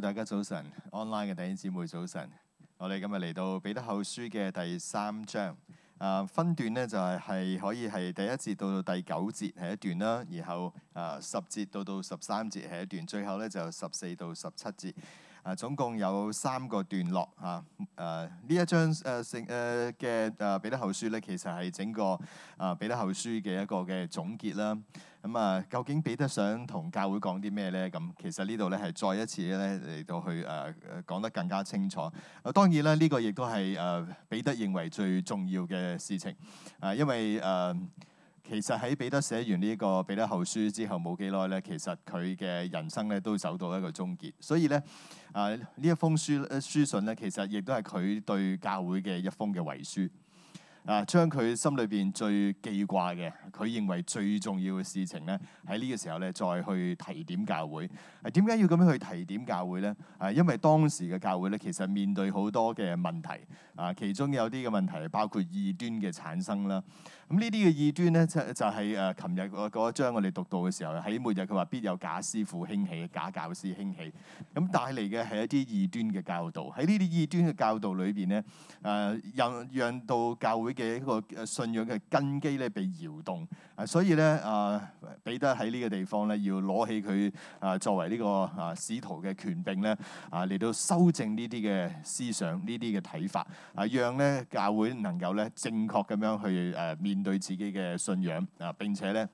大家早晨，online 嘅弟兄姊妹早晨，我哋今日嚟到彼得後書嘅第三章。啊，分段咧就係、是、係可以係第一節到到第九節係一段啦，然後啊十節到到十三節係一段，最後咧就是、十四到十七節。啊，總共有三個段落嚇。誒、啊、呢一章誒成誒嘅誒彼得後書咧，其實係整個誒彼得後書嘅一個嘅總結啦。咁啊，究竟彼得想同教會講啲咩咧？咁其實呢度咧係再一次咧嚟到去誒誒、呃、講得更加清楚。啊、當然啦，呢、呢個亦都係誒彼得認為最重要嘅事情。誒、啊，因為誒。呃其實喺彼得寫完呢個彼得後書之後冇幾耐咧，其實佢嘅人生咧都走到一個終結。所以咧，啊，呢一封書書信咧，其實亦都係佢對教會嘅一封嘅遺書。啊，將佢心裏邊最記掛嘅，佢認為最重要嘅事情咧，喺呢個時候咧再去提點教會。啊，點解要咁樣去提點教會咧？啊，因為當時嘅教會咧，其實面對好多嘅問題。啊，其中有啲嘅問題包括異端嘅產生啦。咁呢啲嘅異端咧，即就係誒，琴日嗰嗰張我哋讀到嘅時候，喺末日佢話必有假師傅興起，假教師興起，咁帶嚟嘅係一啲異端嘅教導。喺呢啲異端嘅教導裏邊咧，誒、啊，又讓到教會嘅一個信仰嘅根基咧被搖動。啊，所以咧啊，彼得喺呢個地方咧，要攞起佢啊作為呢個啊使徒嘅權柄咧，啊嚟到修正呢啲嘅思想、呢啲嘅睇法，啊，讓咧教會能夠咧正確咁樣去誒面。啊面對自己嘅信仰啊，並且咧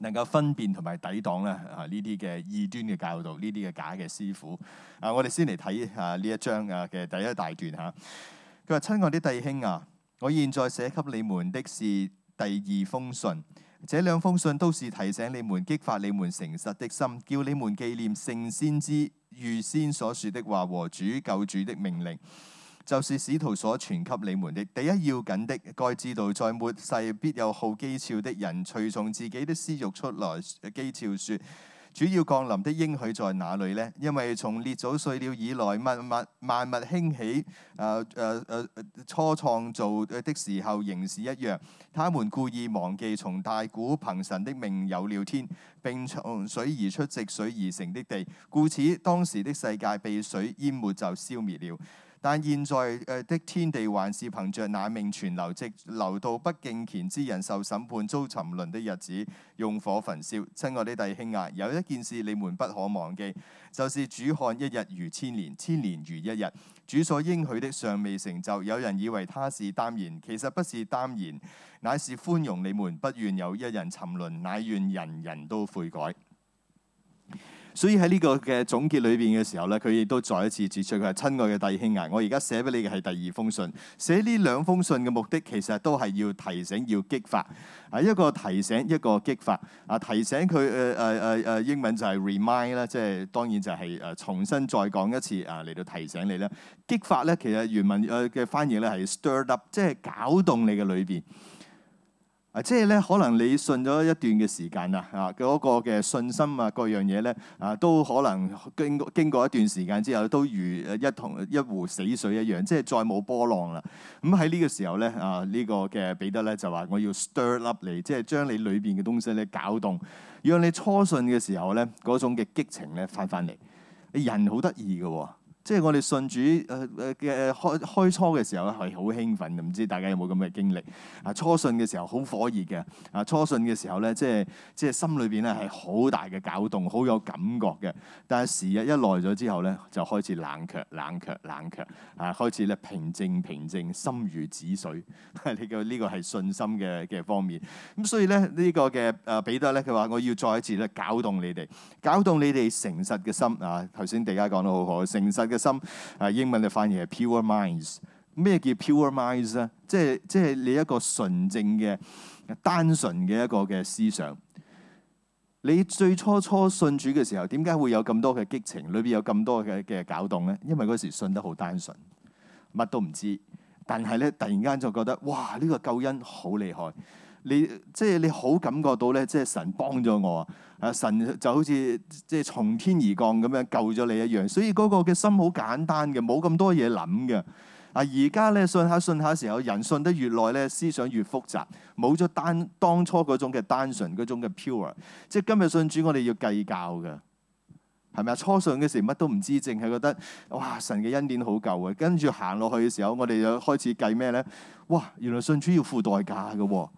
能夠分辨同埋抵擋咧啊呢啲嘅異端嘅教導，呢啲嘅假嘅師傅啊，我哋先嚟睇下呢一章啊嘅第一大段吓。佢話：親愛啲弟兄啊，我現在寫給你們的是第二封信，這兩封信都是提醒你們、激發你們誠實的心，叫你們紀念聖先知預先所說的話和主救主的命令。就是使徒所傳給你們的，第一要緊的該知道，在末世必有好譏誚的人，隨從自己的私欲出來譏誚說：主要降臨的應許在哪裏呢？因為從列祖睡了以來，萬物萬物興起，誒誒誒，初創造的時候仍是，一樣。他們故意忘記從大古憑神的命有了天，並從水而出、藉水而成的地，故此當時的世界被水淹沒，就消滅了。但現在誒的天地還是憑着那命存留，直留到不敬虔之人受審判、遭沉淪的日子，用火焚燒。親愛的弟兄啊，有一件事你們不可忘記，就是主看一日如千年，千年如一日。主所應許的尚未成就，有人以為他是耽延，其實不是耽延，乃是寬容你們，不願有一人沉淪，乃願人人都悔改。所以喺呢個嘅總結裏邊嘅時候咧，佢亦都再一次指出佢係親愛嘅弟兄啊！我而家寫俾你嘅係第二封信，寫呢兩封信嘅目的其實都係要提醒、要激發，係一個提醒、一個激發啊！提醒佢，誒誒誒誒，英文就係 remind 啦，即係當然就係誒重新再講一次啊，嚟到提醒你啦。激發咧，其實原文誒嘅翻譯咧係 stirred up，即係搞動你嘅裏邊。啊，即係咧，可能你信咗一段嘅時間啊，啊，嗰個嘅信心啊，各樣嘢咧，啊，都可能經經過一段時間之後，都如一同一湖死水一樣，即係再冇波浪啦。咁喺呢個時候咧，啊，呢個嘅彼得咧就話：我要 stir up 你，即係將你裏邊嘅東西咧攪動，讓你初信嘅時候咧嗰種嘅激情咧翻翻嚟。你人好得意嘅喎。即係我哋信主誒誒嘅開開初嘅時候咧係好興奮，唔知大家有冇咁嘅經歷？啊初信嘅時候好火熱嘅，啊初信嘅時候咧即係即係心裏邊咧係好大嘅搞動，好有感覺嘅。但係時日一耐咗之後咧，就開始冷卻、冷卻、冷卻，啊開始咧平靜、平靜、心如止水。你個呢個係信心嘅嘅方面。咁所以咧呢個嘅誒彼得咧佢話：我要再一次咧搞動你哋，搞動你哋誠實嘅心。啊頭先大家講得好好，誠實嘅。嘅心，啊英文嘅翻譯係 pure minds。咩叫 pure minds 啊？即係即係你一個純正嘅單純嘅一個嘅思想。你最初初信主嘅時候，點解會有咁多嘅激情？裏邊有咁多嘅嘅攪動咧？因為嗰時信得好單純，乜都唔知。但係咧，突然間就覺得，哇！呢個救恩好厲害。你即係你好感覺到咧，即係神幫咗我啊！神就好似即係從天而降咁樣救咗你一樣。所以嗰個嘅心好簡單嘅，冇咁多嘢諗嘅啊。而家咧，信下信下嘅時候，人信得越耐咧，思想越複雜，冇咗單當初嗰種嘅單純嗰種嘅 pure。即係今日信主，我哋要計較嘅係咪啊？初信嘅時，乜都唔知，淨係覺得哇，神嘅恩典好夠嘅。跟住行落去嘅時候，我哋又開始計咩咧？哇！原來信主要付代價嘅喎。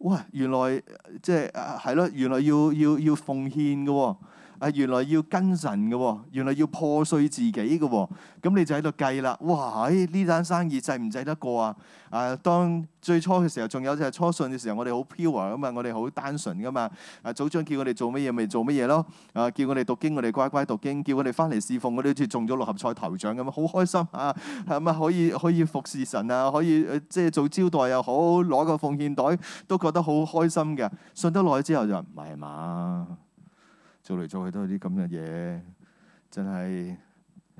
喂，原來即係係咯，原來要要要奉獻噶喎。啊，原來要跟神嘅喎。哦，原來要破碎自己嘅喎。哦，咁你就喺度計啦。哇，呢單生意制唔制得過啊？啊，當最初嘅時候，仲有就係初信嘅時候，我哋好 pure 啊嘛，我哋好單純噶嘛。啊，組長叫我哋做乜嘢，咪做乜嘢咯。啊，叫我哋讀經，我哋乖乖讀經；叫我哋翻嚟侍奉，我哋好似中咗六合彩頭獎咁啊，好開心啊！係咪，可以可以服侍神啊，可以即係、就是、做招待又、啊、好，攞個奉獻袋都覺得好開心嘅。信得耐之後就唔係嘛。做嚟做去都係啲咁嘅嘢，真係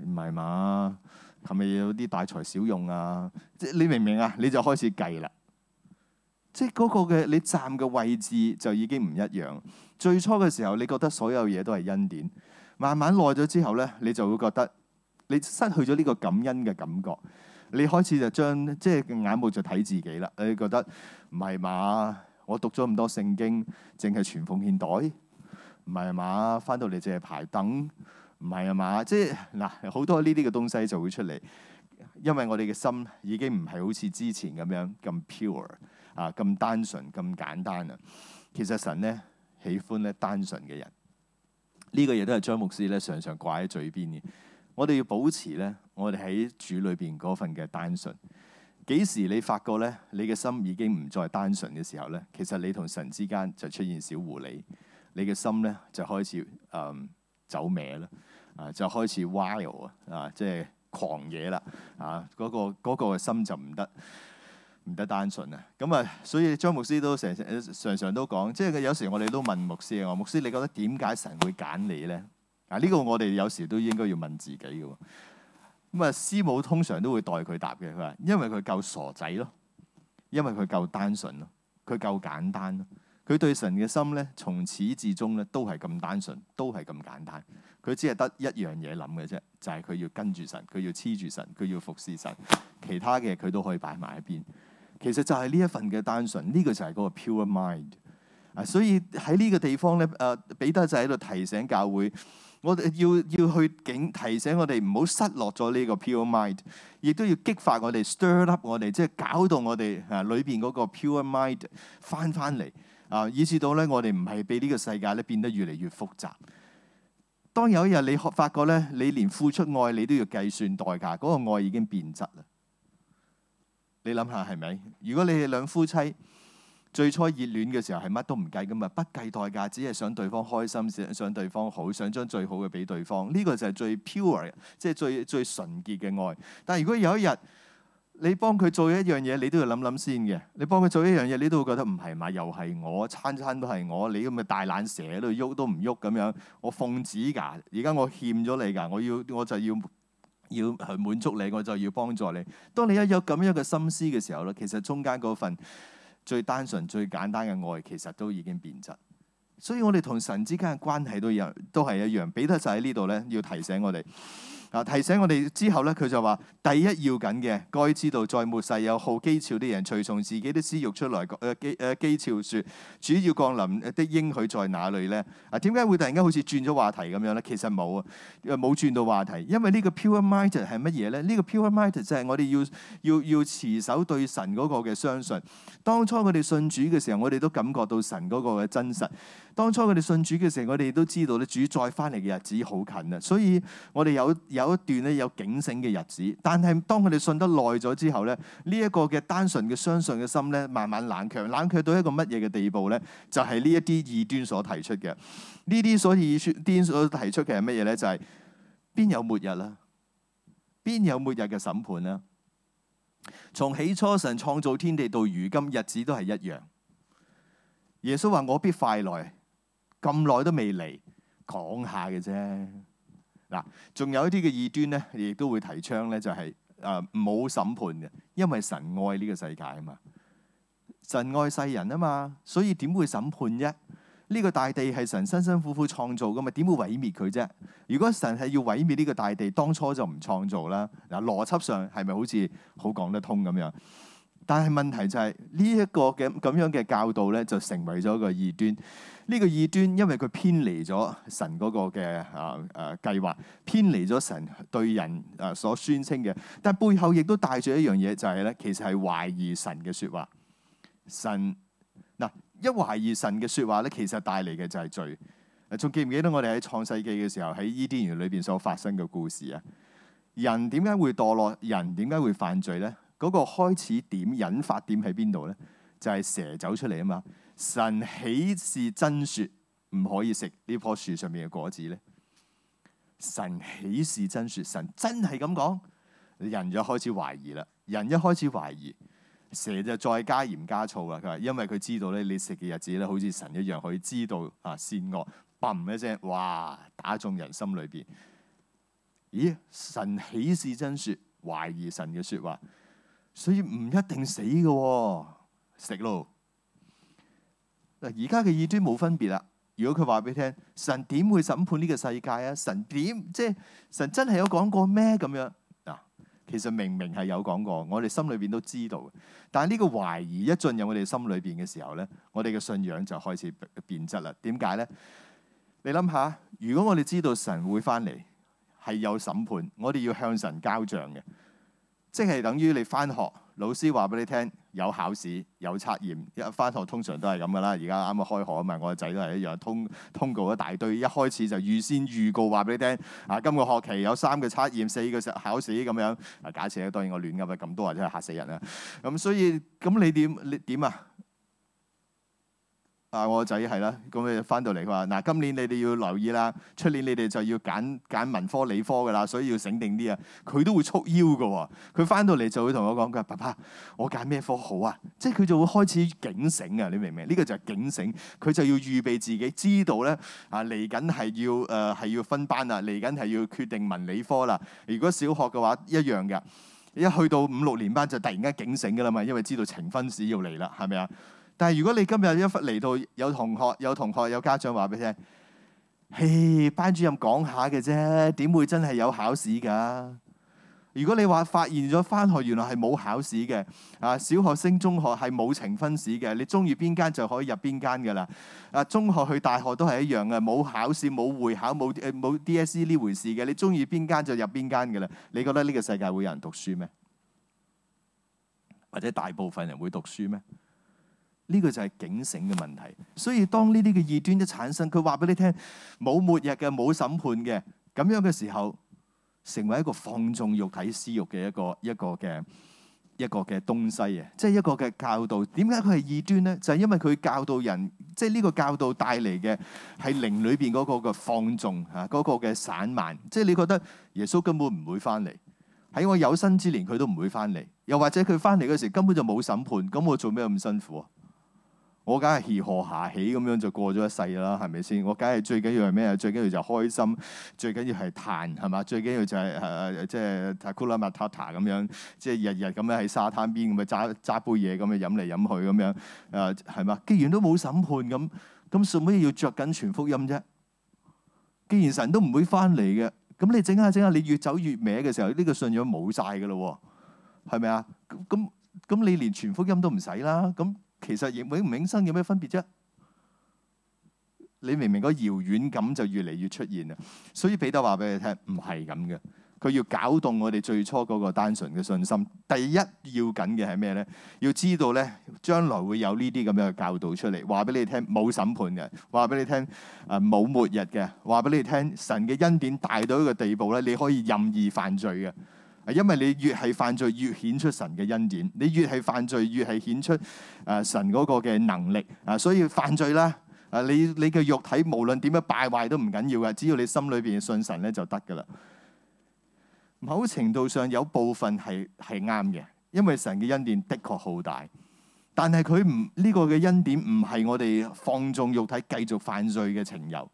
唔係嘛？係咪有啲大材小用啊？即係你明唔明啊？你就開始計啦，即係嗰個嘅你站嘅位置就已經唔一樣。最初嘅時候，你覺得所有嘢都係恩典，慢慢耐咗之後咧，你就會覺得你失去咗呢個感恩嘅感覺，你開始就將即係眼目就睇自己啦。你覺得唔係嘛？我讀咗咁多聖經，淨係傳奉獻袋。唔係啊嘛，翻到嚟淨係排等，唔係啊嘛。即係嗱，好多呢啲嘅東西就會出嚟，因為我哋嘅心已經唔係好似之前咁樣咁 pure 啊，咁單純、咁簡單啊。其實神咧喜歡咧單純嘅人，呢個嘢都係張牧師咧常常掛喺嘴邊嘅。我哋要保持咧，我哋喺主裏邊嗰份嘅單純。幾時你發覺咧，你嘅心已經唔再單純嘅時候咧，其實你同神之間就出現小狐狸。你嘅心咧就開始誒、嗯、走歪啦，啊就開始 wild 啊，即係狂野啦，啊嗰、嗰個嗰、嗰個心就唔得，唔得單純啊。咁啊，所以張牧師都成日常常都講，即係佢有時我哋都問牧師啊，牧師你覺得點解神會揀你咧？啊呢、呢個我哋有時都應該要問自己嘅。咁啊，師母通常都會代佢答嘅，佢話因為佢夠傻仔咯，因為佢夠單純咯，佢夠簡單咯。佢對神嘅心咧，從始至終咧都係咁單純，都係咁簡單。佢只係得一樣嘢諗嘅啫，就係、是、佢要跟住神，佢要黐住神，佢要服侍神。其他嘅佢都可以擺埋一邊。其實就係呢一份嘅單純，呢、這個就係嗰個 pure mind 啊。所以喺呢個地方咧，誒、啊、彼得就喺度提醒教會，我哋要要去警提醒我哋唔好失落咗呢個 pure mind，亦都要激發我哋 stir up 我哋，即係搞到我哋啊裏邊嗰個 pure mind 翻翻嚟。啊！以至到咧，我哋唔係俾呢個世界咧變得越嚟越複雜。當有一日你發覺咧，你連付出愛你都要計算代價，嗰個愛已經變質啦。你諗下係咪？如果你哋兩夫妻最初熱戀嘅時候，係乜都唔計噶嘛，不計代價，只係想對方開心，想對方好，想將最好嘅俾對方。呢個就係最 pure，即係最最純潔嘅愛。但如果有一日，你幫佢做一樣嘢，你都要諗諗先嘅。你幫佢做一樣嘢，你都會覺得唔係嘛？又係我餐餐都係我，你咁嘅大懶蛇喺度喐都唔喐咁樣。我奉旨㗎、啊，而家我欠咗你㗎，我要我就要要去滿足你，我就要幫助你。當你一有咁樣嘅心思嘅時候咧，其實中間嗰份最單純、最簡單嘅愛，其實都已經變質。所以我哋同神之間嘅關係都有都係一樣。彼得就喺呢度咧，要提醒我哋。啊！提醒我哋之後咧，佢就話：第一要緊嘅，該知道在末世有好譏誚啲人，隨從自己啲私慾出來，誒譏誒譏誚說，主要降臨的應許在哪裏咧？啊，點解會突然間好似轉咗話題咁樣咧？其實冇啊，冇轉到話題，因為個呢、呢個 pure mind 係乜嘢咧？呢個 pure mind 就係我哋要要要持守對神嗰個嘅相信。當初我哋信主嘅時候，我哋都感覺到神嗰個嘅真實。當初佢哋信主嘅時候，我哋都知道咧，主再翻嚟嘅日子好近啊。所以，我哋有有一段咧有警醒嘅日子。但係當佢哋信得耐咗之後咧，呢一個嘅單純嘅相信嘅心咧，慢慢冷卻，冷卻到一個乜嘢嘅地步咧？就係呢一啲異端所提出嘅，呢啲所以異端所提出嘅係乜嘢咧？就係邊有末日啦？邊有末日嘅審判啦？從起初神創造天地到如今日子都係一樣。耶穌話：我必快來。咁耐都未嚟講下嘅啫。嗱，仲有一啲嘅異端咧，亦都會提倡咧、就係，就係誒冇審判嘅。因為神愛呢個世界啊嘛，神愛世人啊嘛，所以點會審判啫？呢、呢個大地係神辛辛苦苦創造噶嘛，點會毀滅佢啫？如果神係要毀滅呢個大地，當初就唔創造啦。嗱、呃，邏輯上係咪好似好講得通咁樣？但係問題就係呢一個嘅咁樣嘅教導咧，就成為咗一個異端。呢個異端，因為佢偏離咗神嗰個嘅啊誒計劃，偏離咗神對人誒所宣稱嘅。但背後亦都帶住一樣嘢，就係咧，其實係懷疑神嘅説話。神嗱一懷疑神嘅説話咧，其實帶嚟嘅就係罪。仲記唔記得我哋喺創世紀嘅時候喺伊甸園裏邊所發生嘅故事啊？人點解會墮落？人點解會犯罪咧？嗰個開始點、引發點喺邊度咧？就係蛇走出嚟啊嘛。神豈是真說唔可以食呢棵樹上面嘅果子咧？神豈是真說，神真係咁講？人就開始懷疑啦。人一開始懷疑、疑，蛇就再加鹽加醋啦。佢話，因為佢知道咧，你食嘅日子咧，好似神一樣可以知道啊善惡。嘣一聲，哇！打中人心裏邊。咦？神豈是真說？懷疑神嘅說話，所以唔一定死嘅，哦，食咯。嗱，而家嘅異端冇分別啦。如果佢話俾你聽，神點會審判呢個世界啊？神點即係神真係有講過咩咁樣？嗱，其實明明係有講過，我哋心裏邊都知道。但係呢個懷疑一進入我哋心裏邊嘅時候咧，我哋嘅信仰就開始變質啦。點解咧？你諗下，如果我哋知道神會翻嚟係有審判，我哋要向神交賬嘅，即係等於你翻學老師話俾你聽。有考試有測驗，一返學通常都係咁噶啦。而家啱啱開學啊嘛，我個仔都係一樣，通通告一大堆，一開始就預先預告話俾你聽，啊，今個學期有三個測驗、四個考試咁樣。啊，假設啊，當然我亂噉啊，咁多或者嚇死人啦。咁、啊、所以咁你點你點啊？啊！我個仔係啦，咁佢翻到嚟佢話：嗱，今年你哋要留意啦，出年你哋就要揀揀文科理科噶啦，所以要醒定啲啊！佢都會束腰噶，佢翻到嚟就會同我講：佢話爸爸，我揀咩科好啊？即係佢就會開始警醒啊！你明唔明？呢個就係警醒，佢就要預備自己知道咧啊！嚟緊係要誒係、呃、要分班啦，嚟緊係要決定文理科啦。如果小學嘅話一樣嘅，一去到五六年班就突然間警醒噶啦嘛，因為知道呈分試要嚟啦，係咪啊？但係，如果你今日一忽嚟到，有同學、有同學、有家長話俾你聽，嘿，班主任講下嘅啫，點會真係有考試㗎？如果你話發現咗返學原來係冇考試嘅，啊，小學升中學係冇呈分試嘅，你中意邊間就可以入邊間嘅啦。啊，中學去大學都係一樣嘅，冇考試、冇會考、冇誒冇 DSE 呢回事嘅，你中意邊間就入邊間嘅啦。你覺得呢個世界會有人讀書咩？或者大部分人會讀書咩？呢個就係警醒嘅問題，所以當呢啲嘅異端一產生，佢話俾你聽冇末日嘅、冇審判嘅咁樣嘅時候，成為一個放縱肉體私欲嘅一個一個嘅一個嘅東西嘅，即係一個嘅教導。點解佢係異端咧？就係、是、因為佢教導人，即係呢個教導帶嚟嘅係靈裏邊嗰個嘅放縱嚇，嗰、那個嘅散漫。即係你覺得耶穌根本唔會翻嚟，喺我有生之年佢都唔會翻嚟，又或者佢翻嚟嗰時候根本就冇審判，咁我做咩咁辛苦啊？我梗係起河下起咁樣就過咗一世啦，係咪先？我梗係最緊要係咩啊？最緊要就開心，最緊要係嘆係嘛？最緊要就係、係、誒、呃，即係 cool 啊，matata 咁樣，即係日日咁樣喺沙灘邊咁啊，揸揸杯嘢咁啊，飲嚟飲去咁樣誒，係嘛？既然都冇審判咁，咁做乜嘢要着緊全福音啫？既然神都唔會翻嚟嘅，咁你整下整下，你越走越歪嘅時候，呢個信仰冇晒㗎啦，係咪啊？咁咁你連全福音都唔使啦，咁。其實亦永唔永生有咩分別啫？你明唔明個遙遠感就越嚟越出現啦，所以彼得話俾你聽，唔係咁嘅。佢要搞動我哋最初嗰個單純嘅信心。第一要緊嘅係咩咧？要知道咧，將來會有呢啲咁樣嘅教導出嚟。話俾你聽，冇審判嘅；話俾你聽，啊、呃、冇末日嘅；話俾你聽，神嘅恩典大到一個地步咧，你可以任意犯罪嘅。因為你越係犯罪越顯出神嘅恩典，你越係犯罪越係顯出誒、呃、神嗰個嘅能力啊、呃！所以犯罪啦，誒、呃、你你嘅肉體無論點樣敗壞都唔緊要噶，只要你心裏邊信神咧就得噶啦。某程度上有部分係係啱嘅，因為神嘅恩典的確好大，但係佢唔呢個嘅恩典唔係我哋放縱肉體繼續犯罪嘅情由。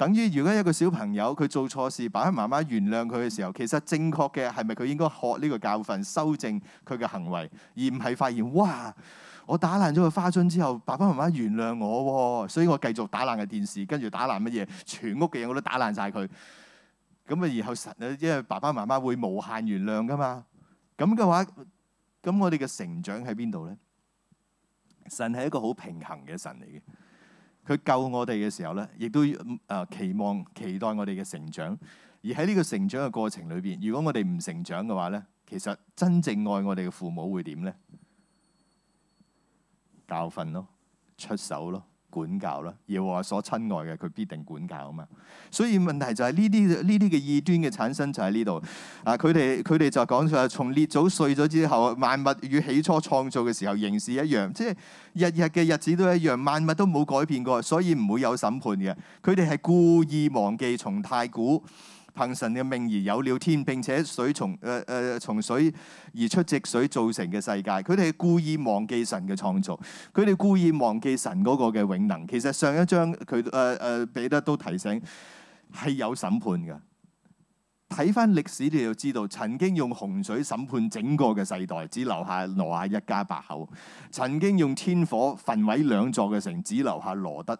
等於，如果一個小朋友佢做錯事，爸爸媽媽原諒佢嘅時候，其實正確嘅係咪佢應該學呢個教訓，修正佢嘅行為，而唔係發現哇，我打爛咗個花樽之後，爸爸媽媽原諒我，所以我繼續打爛個電視，跟住打爛乜嘢，全屋嘅嘢我都打爛晒佢。咁啊，然後神，因為爸爸媽媽會無限原諒噶嘛，咁嘅話，咁我哋嘅成長喺邊度咧？神係一個好平衡嘅神嚟嘅。佢救我哋嘅時候咧，亦都誒期望期待我哋嘅成長。而喺呢個成長嘅過程裏邊，如果我哋唔成長嘅話咧，其實真正愛我哋嘅父母會點咧？教訓咯，出手咯。管教啦，而我所親愛嘅，佢必定管教啊嘛。所以問題就係呢啲呢啲嘅異端嘅產生就喺呢度。啊，佢哋佢哋就講咗：「係從列祖睡咗之後，萬物與起初創造嘅時候仍是一樣，即係日日嘅日子都一樣，萬物都冇改變過，所以唔會有審判嘅。佢哋係故意忘記從太古。憑神嘅命而有了天，並且水從誒誒、呃、從水而出，藉水造成嘅世界。佢哋係故意忘記神嘅創造，佢哋故意忘記神嗰個嘅永能。其實上一章佢誒誒彼得都提醒係有審判嘅。睇翻歷史你就要知道，曾經用洪水審判整個嘅世代，只留下挪亞一家八口；曾經用天火焚毀兩座嘅城，只留下羅得，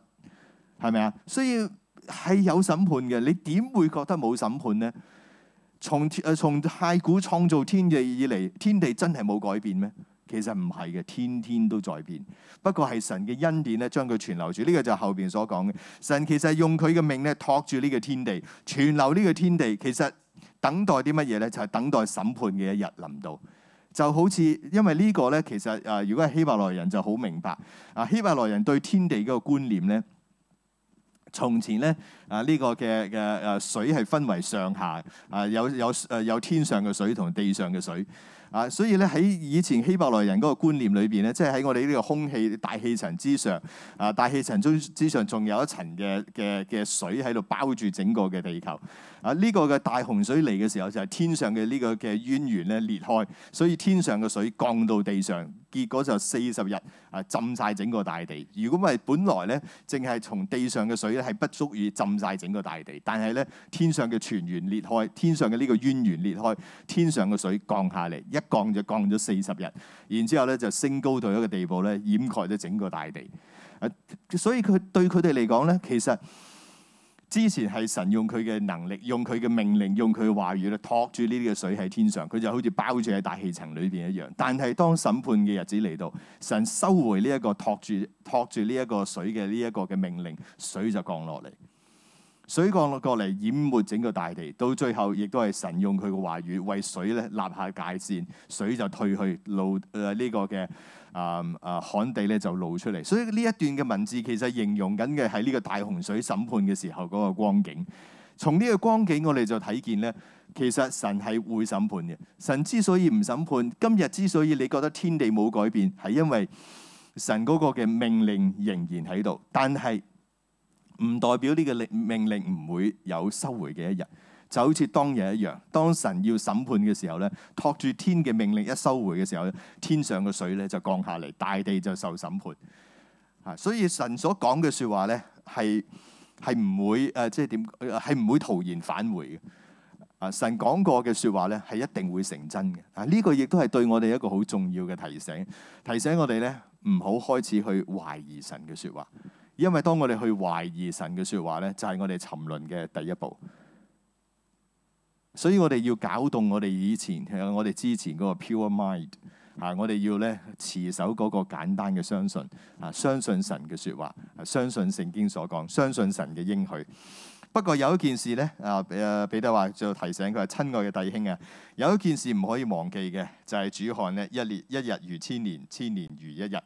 係咪啊？所以。係有審判嘅，你點會覺得冇審判呢？從誒、呃、從太古創造天地以嚟，天地真係冇改變咩？其實唔係嘅，天天都在變。不過係神嘅恩典咧，將佢存留住。呢個就後邊所講嘅。神其實用佢嘅命咧，托住呢個天地，存留呢個天地。其實等待啲乜嘢咧？就係、是、等待審判嘅一日臨到。就好似因為個呢個咧，其實誒，如果係希伯來人就好明白。啊，希伯來人對天地嗰個觀念咧。從前咧啊，呢、這個嘅嘅誒水係分為上下啊，有有誒有天上嘅水同地上嘅水啊，所以咧喺以前希伯來人嗰個觀念裏邊咧，即係喺我哋呢個空氣大氣層之上啊，大氣層之之上仲有一層嘅嘅嘅水喺度包住整個嘅地球。啊！呢個嘅大洪水嚟嘅時候，就係、是、天上嘅呢個嘅淵源咧裂開，所以天上嘅水降到地上，結果就四十日啊浸晒整個大地。如果唔係，本來咧，淨係從地上嘅水咧係不足以浸晒整個大地，但係咧，天上嘅泉源裂開，天上嘅呢個淵源裂開，天上嘅水降下嚟，一降就降咗四十日，然之後咧就升高到一個地步咧，掩蓋咗整個大地。啊，所以佢對佢哋嚟講咧，其實。之前係神用佢嘅能力，用佢嘅命令，用佢嘅話語咧，托住呢啲嘅水喺天上，佢就好似包住喺大氣層裏邊一樣。但係當審判嘅日子嚟到，神收回呢一個托住、托住呢一個水嘅呢一個嘅命令，水就降落嚟。水降落嚟淹沒整個大地，到最後亦都係神用佢嘅話語為水咧立下界線，水就退去，露誒呢、呃這個嘅啊啊旱地咧就露出嚟。所以呢一段嘅文字其實形容緊嘅係呢個大洪水審判嘅時候嗰個光景。從呢個光景我哋就睇見咧，其實神係會審判嘅。神之所以唔審判，今日之所以你覺得天地冇改變，係因為神嗰個嘅命令仍然喺度，但係。唔代表呢個令命令唔會有收回嘅一日，就好似當日一樣。當神要審判嘅時候咧，托住天嘅命令一收回嘅時候，天上嘅水咧就降下嚟，大地就受審判。啊，所以神所講嘅說話咧，係係唔會誒，即係點係唔會徒然返回嘅。啊，神講過嘅說話咧，係一定會成真嘅。啊，呢個亦都係對我哋一個好重要嘅提醒，提醒我哋咧唔好開始去懷疑神嘅說話。因為當我哋去懷疑神嘅說話咧，就係、是、我哋沉淪嘅第一步。所以我哋要搞動我哋以前，其實我哋之前嗰個 pure mind 吓、啊，我哋要咧持守嗰個簡單嘅相信啊，相信神嘅說話，啊、相信聖經所講，相信神嘅應許。不過有一件事咧啊，誒彼得話就提醒佢話，親愛嘅弟兄啊，有一件事唔可以忘記嘅，就係、是、主看咧一列一日如千年，千年如一日。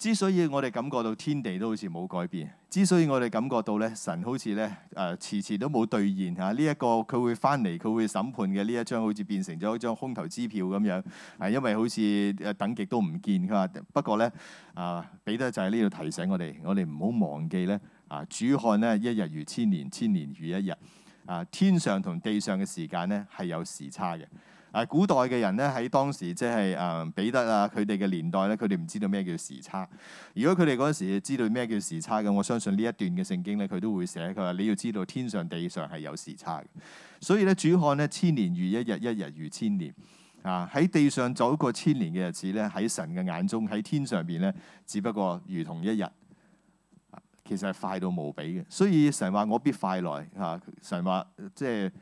之所以我哋感覺到天地都好似冇改變，之所以我哋感覺到咧神好似咧誒遲遲都冇兌現嚇呢、這個、一個佢會返嚟佢會審判嘅呢一張好似變成咗一張空頭支票咁樣，係因為好似誒等極都唔見佢話，不過咧啊彼得就係呢度提醒我哋，我哋唔好忘記咧啊主看咧一日如千年，千年如一日啊，天上同地上嘅時間咧係有時差嘅。啊！古代嘅人咧，喺當時即係誒彼得啊，佢哋嘅年代咧，佢哋唔知道咩叫時差。如果佢哋嗰陣時知道咩叫時差嘅，我相信呢一段嘅聖經咧，佢都會寫佢話你要知道天上地上係有時差嘅。所以咧，主看咧千年如一日，一日如千年啊！喺地上走過千年嘅日子咧，喺神嘅眼中喺天上邊咧，只不過如同一日。其實係快到無比嘅，所以神話我必快來啊！神話即係、就是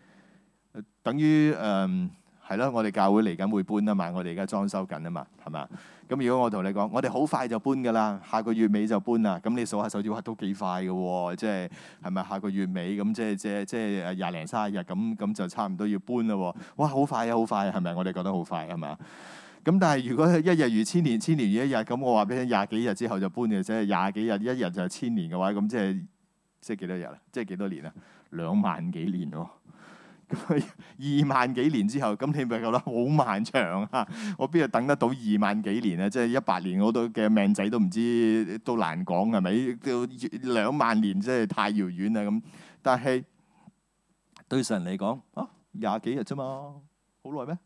呃、等於誒。呃係咯，我哋教會嚟緊會搬啊嘛，我哋而家裝修緊啊嘛，係嘛？咁如果我同你講，我哋好快就搬㗎啦，下個月尾就搬啦。咁你數下手指哇，都幾快㗎喎？即係係咪下個月尾？咁即係即係即係廿零三卅日咁咁就差唔多要搬啦喎！哇，好快啊，好快啊，係咪？我哋覺得好快係嘛？咁但係如果一日如千年，千年如一日，咁我話俾你聽，廿幾日之後就搬嘅啫。廿幾日一日就千年嘅話，咁即係即係幾多日啊？即係幾多年啊？兩萬幾年喎！咁 二萬幾年之後，咁你咪覺得好漫長啊？ 我邊度等得到二萬幾年啊？即 係一百年我，我都嘅命仔都唔知都難講，係咪？到兩萬年真係太遙遠啦咁。但係對神嚟講，啊，廿幾日啫嘛，好耐咩？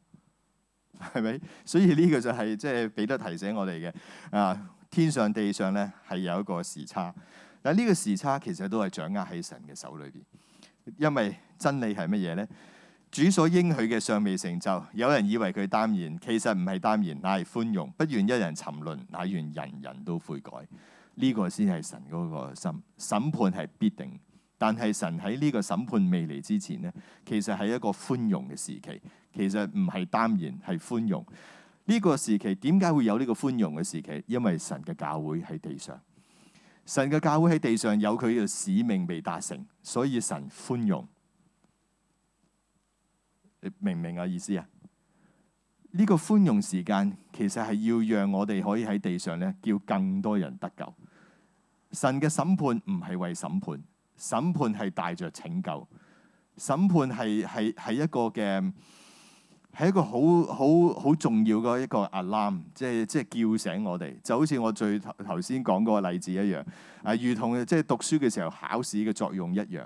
係咪？所以呢個就係即係彼得提醒我哋嘅啊，天上地上咧係有一個時差。但係呢個時差其實都係掌握喺神嘅手裏邊。因為真理係乜嘢咧？主所應許嘅尚未成就，有人以為佢耽延，其實唔係耽延，乃係寬容。不願一人沉淪，乃願人人都悔改。呢、這個先係神嗰個心。審判係必定，但係神喺呢個審判未嚟之前咧，其實係一個寬容嘅時期。其實唔係耽延，係寬容。呢、這個時期點解會有呢個寬容嘅時期？因為神嘅教會喺地上。神嘅教會喺地上有佢嘅使命未達成，所以神寬容。你明唔明我意思啊？呢個寬容時間其實係要讓我哋可以喺地上咧叫更多人得救。神嘅審判唔係為審判，審判係帶着拯救，審判係係係一個嘅。係一個好好好重要嘅一個 alarm，即係即係叫醒我哋，就好似我最頭頭先講嗰個例子一樣，啊，如同即係讀書嘅時候考試嘅作用一樣，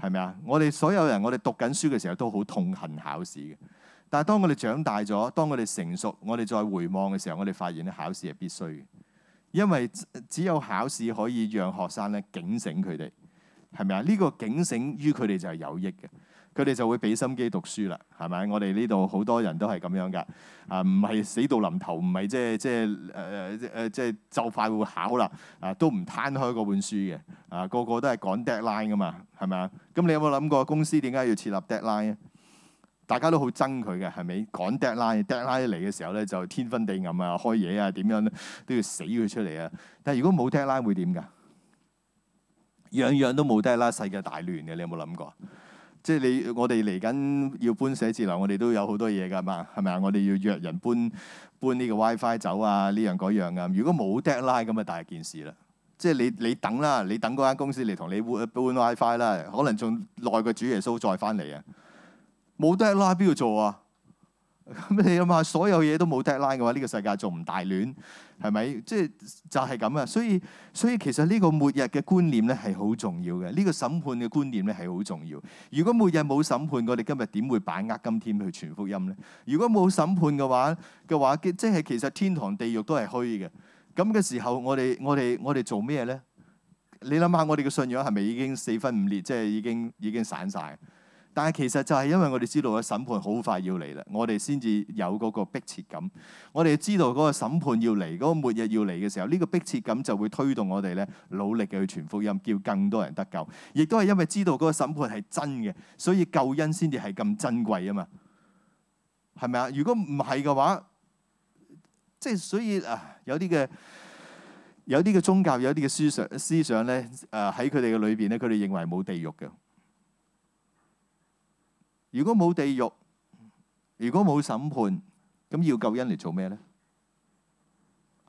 係咪啊？我哋所有人，我哋讀緊書嘅時候都好痛恨考試嘅，但係當我哋長大咗，當我哋成熟，我哋再回望嘅時候，我哋發現咧考試係必須嘅，因為只有考試可以讓學生咧警醒佢哋，係咪啊？呢個警醒於佢哋就係有益嘅。佢哋就會俾心機讀書啦，係咪？我哋呢度好多人都係咁樣噶啊，唔係死到臨頭，唔係即係即係誒誒誒，即係、呃呃、就快會考啦啊，都唔攤開嗰本書嘅啊，個個都係趕 deadline 噶嘛，係咪啊？咁你有冇諗過公司點解要設立 deadline 啊？大家都好憎佢嘅，係咪趕 deadline？deadline 嚟嘅時候咧，就天昏地暗啊，開嘢啊，點樣都要死佢出嚟啊！但係如果冇 deadline 會點㗎？樣樣都冇 deadline，世界大亂嘅。你有冇諗過？即係你，我哋嚟緊要搬寫字樓，我哋都有好多嘢㗎嘛，係咪啊？我哋要約人搬搬呢個 WiFi 走啊，呢樣嗰樣啊。如果冇 deadline 咁啊，大件事啦。即係你你等啦，你等嗰間公司嚟同你搬 WiFi 啦，Fi，可能仲耐過主耶穌再翻嚟啊。冇 deadline 邊度做啊？咁你諗下，所有嘢都冇 deadline 嘅話，呢個世界仲唔大亂？係咪？即係就係咁啊！所以所以其實呢個末日嘅觀念咧係好重要嘅，呢個審判嘅觀念咧係好重要。如果末日冇審判，我哋今日點會把握今天去傳福音咧？如果冇審判嘅話，嘅話即係其實天堂地獄都係虛嘅。咁嘅時候我，我哋我哋我哋做咩咧？你諗下，我哋嘅信仰係咪已經四分五裂？即係已經已經散晒？但係其實就係因為我哋知道個審判好快要嚟啦，我哋先至有嗰個迫切感。我哋知道嗰個審判要嚟，嗰個末日要嚟嘅時候，呢個迫切感就會推動我哋咧努力嘅去傳福音，叫更多人得救。亦都係因為知道嗰個審判係真嘅，所以救恩先至係咁珍貴啊嘛。係咪啊？如果唔係嘅話，即係所以啊，有啲嘅有啲嘅宗教，有啲嘅思想思想咧，誒喺佢哋嘅裏邊咧，佢哋認為冇地獄嘅。如果冇地獄，如果冇審判，咁要救恩嚟做咩咧？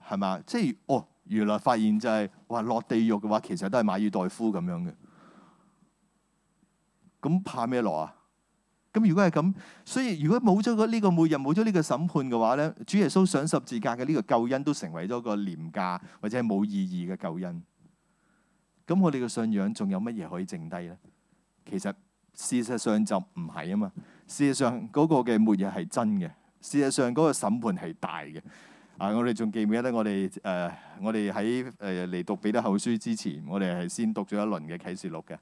係咪？即係哦，原來發現就係、是、話，落地獄嘅話，其實都係馬爾代夫咁樣嘅。咁怕咩落啊？咁如果係咁，所以如果冇咗呢個每日冇咗呢個審判嘅話咧，主耶穌上十字架嘅呢個救恩都成為咗個廉價或者係冇意義嘅救恩。咁我哋嘅信仰仲有乜嘢可以剩低咧？其實。事實上就唔係啊嘛，事實上嗰、那個嘅末日係真嘅，事實上嗰、那個審判係大嘅。啊，我哋仲記唔記得我哋誒、呃、我哋喺誒嚟讀彼得後書之前，我哋係先讀咗一輪嘅啟示錄嘅。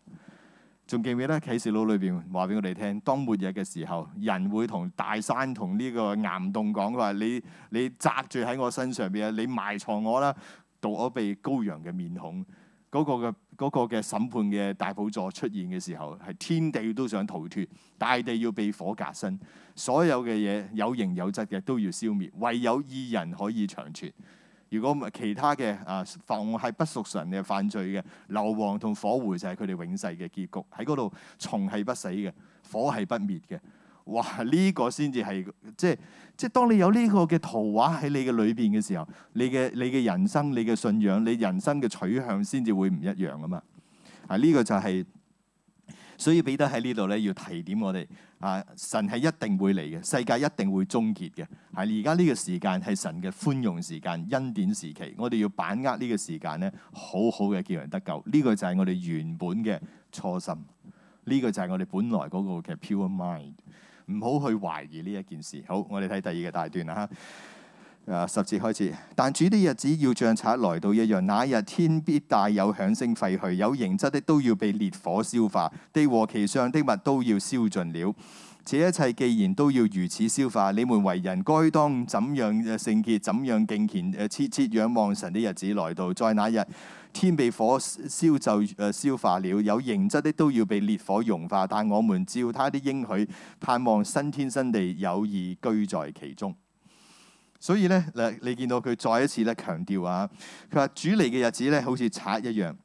仲記唔記得啟示錄裏邊話俾我哋聽，當末日嘅時候，人會同大山同呢個岩洞講，佢話：你你擱住喺我身上邊啊，你埋藏我啦，躲我被羔羊嘅面孔。.嗰個嘅嗰個嘅審判嘅大寶座出現嘅時候，係天地都想逃脫，大地要被火隔身，所有嘅嘢有形有質嘅都要消滅，唯有義人可以長存。如果唔係其他嘅啊，凡係不屬神嘅犯罪嘅，硫磺同火湖就係佢哋永世嘅結局喺嗰度，蟲係不死嘅，火係不滅嘅。哇！呢個先至係即係。即係當你有呢個嘅圖畫喺你嘅裏邊嘅時候，你，你嘅你嘅人生、你嘅信仰、你人生嘅取向，先至會唔一樣啊嘛！係，呢個就係，所以彼得喺呢度咧，要提點我哋啊，神係一定會嚟嘅，世界一定會終結嘅。係，而家呢個時間係神嘅寬容時間、恩典時期，我哋要把握呢個時間咧，好好嘅叫人得救。呢個就係我哋原本嘅初心，呢個就係我哋本來嗰個嘅 pure mind。唔好去懷疑呢一件事。好，我哋睇第二個大段啦。哈，誒十節開始。但主的日子要像賊來到一樣，那一日天必大有響聲廢去，有形質的都要被烈火消化，地和其上的物都要燒盡了。這一切既然都要如此消化，你們為人該當怎樣聖潔、怎樣敬虔？誒，切切仰望神的日子來到。在那日，天被火燒就誒消、呃、化了，有形質的都要被烈火融化。但我們照他的應許，盼望新天新地有義居在其中。所以咧，嗱，你見到佢再一次咧強調啊，佢話主嚟嘅日子咧，好似賊一樣。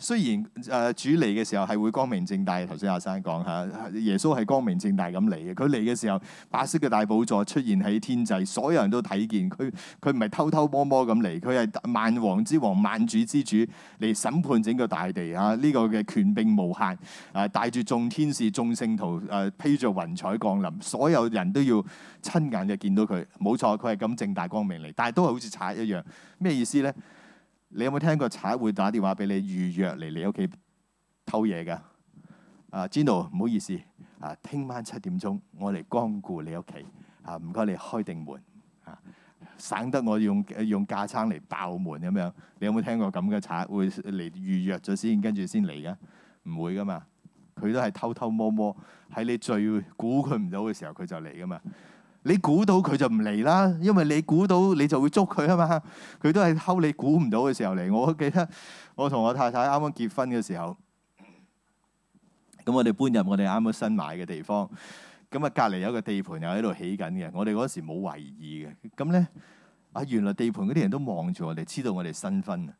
雖然誒主嚟嘅時候係會光明正大，頭先阿生講嚇，耶穌係光明正大咁嚟嘅。佢嚟嘅時候，白色嘅大寶座出現喺天際，所有人都睇見。佢佢唔係偷偷摸摸咁嚟，佢係萬王之王、萬主之主嚟審判整個大地啊！呢個嘅權柄無限啊，帶住眾天使、眾聖徒誒、啊、披着雲彩降臨，所有人都要親眼嘅見到佢。冇錯，佢係咁正大光明嚟，但係都係好似賊一樣。咩意思咧？你有冇聽過賊會打電話俾你預約嚟你屋企偷嘢㗎？啊，uh, Gino，唔好意思，啊，聽晚七點鐘我嚟光顧你屋企，啊，唔該你開定門，啊，省得我用用架撐嚟爆門咁樣。你有冇聽過咁嘅賊會嚟預約咗先，跟住先嚟嘅？唔會噶嘛，佢都係偷偷摸摸喺你最估佢唔到嘅時候佢就嚟噶嘛。你估到佢就唔嚟啦，因為你估到你就會捉佢啊嘛。佢都係偷你估唔到嘅時候嚟。我記得我同我太太啱啱結婚嘅時候，咁我哋搬入我哋啱啱新買嘅地方，咁啊隔離有個地盤又喺度起緊嘅。我哋嗰時冇懷疑嘅，咁咧啊原來地盤嗰啲人都望住我哋，知道我哋新婚啊。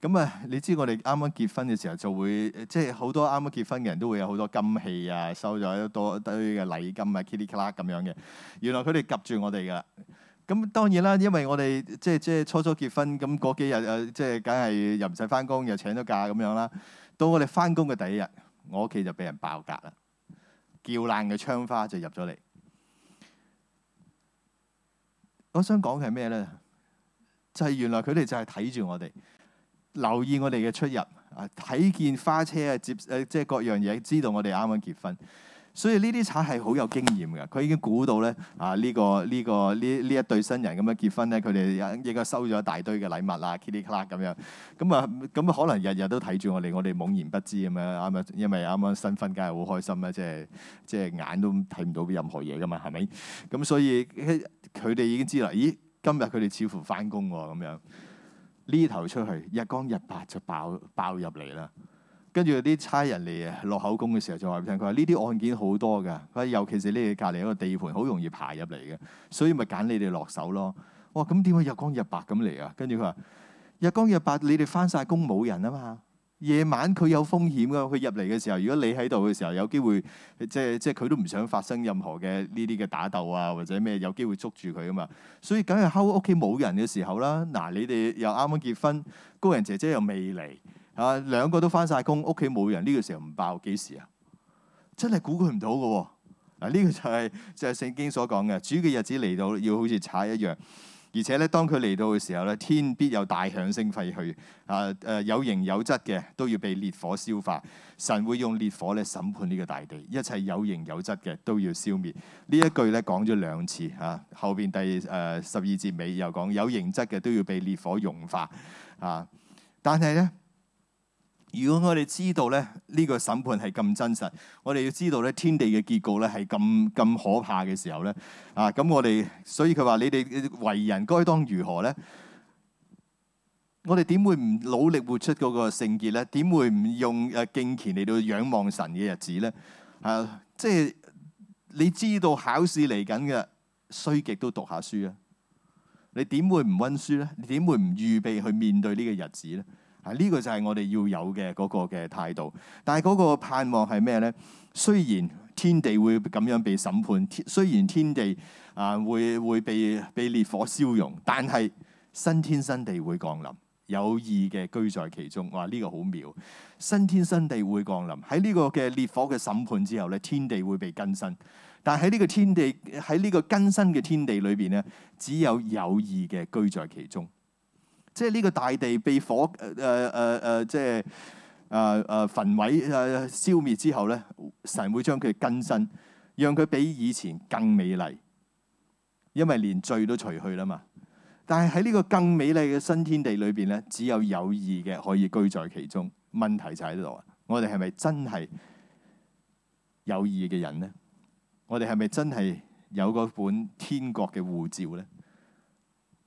咁啊，你知我哋啱啱結婚嘅時候就會，即係好多啱啱結婚嘅人都會有好多金器啊，收咗一多一堆嘅禮金啊，kitty 卡拉咁樣嘅。原來佢哋及住我哋噶喇。咁當然啦，因為我哋即係即係初初結婚，咁嗰幾日誒，即係梗係又唔使翻工，又請咗假咁樣啦。到我哋翻工嘅第一日，我屋企就俾人爆格啦，叫爛嘅窗花就入咗嚟。我想講嘅係咩咧？就係原來佢哋就係睇住我哋。留意我哋嘅出入啊，睇見花車啊，接誒即係各樣嘢，知道我哋啱啱結婚，所以呢啲賊係好有經驗嘅。佢已經估到咧啊，呢、呢個呢、呢個呢呢一對新人咁樣結婚咧，佢哋啊應該收咗一大堆嘅禮物啊，kitty 卡咁樣咁啊，咁、嗯嗯嗯嗯、可能日日都睇住我哋，我哋懵然不知咁樣啱啱，因為啱啱新婚梗係好開心啦，即係即係眼都睇唔到任何嘢噶嘛，係咪？咁所以佢哋已經知啦。咦，今日佢哋似乎翻工喎，咁樣。呢頭出去，日光日白就爆爆入嚟啦。跟住啲差人嚟啊，落口供嘅時候就話俾佢聽，佢話呢啲案件好多㗎，佢話尤其是你哋隔離一個地盤，好容易爬入嚟嘅，所以咪揀你哋落手咯。哇，咁點解日光日白咁嚟啊？跟住佢話日光日白，你哋翻晒工冇人啊嘛。夜晚佢有風險噶，佢入嚟嘅時候，如果你喺度嘅時候，有機會，即係即係佢都唔想發生任何嘅呢啲嘅打鬥啊，或者咩有機會捉住佢啊嘛。所以梗係喺屋企冇人嘅時候啦。嗱、啊，你哋又啱啱結婚，高人姐姐又未嚟，啊兩個都返晒工，屋企冇人呢、這個時候唔爆幾時啊？真係估佢唔到噶喎。嗱、這、呢個就係、是、就係、是、聖經所講嘅主嘅日子嚟到，要好似賊一樣。而且咧，當佢嚟到嘅時候咧，天必有大響聲廢去。啊誒，有形有質嘅都要被烈火燒化。神會用烈火咧審判呢個大地，一切有形有質嘅都要消滅。呢一句咧講咗兩次啊，後邊第誒十二節尾又講有形質嘅都要被烈火融化。啊，但係咧。如果我哋知道咧呢個審判係咁真實，我哋要知道咧天地嘅結局咧係咁咁可怕嘅時候咧，啊咁我哋所以佢話你哋為人該當如何咧？我哋點會唔努力活出嗰個聖潔咧？點會唔用誒敬虔嚟到仰望神嘅日子咧？啊，即係你知道考試嚟緊嘅，衰極都讀下書啊！你點會唔溫書咧？你點會唔預備去面對呢個日子咧？呢個就係我哋要有嘅嗰個嘅態度，但係嗰個盼望係咩咧？雖然天地會咁樣被審判，雖然天地啊會會被被烈火燒融，但係新天新地會降臨，有義嘅居在其中。哇！呢個好妙，新天新地會降臨喺呢個嘅烈火嘅審判之後咧，天地會被更新，但係喺呢個天地喺呢個更新嘅天地裏邊咧，只有有義嘅居在其中。即係呢個大地被火誒誒誒即係誒誒焚毀誒消滅之後咧，神會將佢更新，讓佢比以前更美麗。因為連罪都除去啦嘛。但係喺呢個更美麗嘅新天地裏邊咧，只有有義嘅可以居在其中。問題就喺度啊！我哋係咪真係有義嘅人咧？我哋係咪真係有嗰本天國嘅護照咧？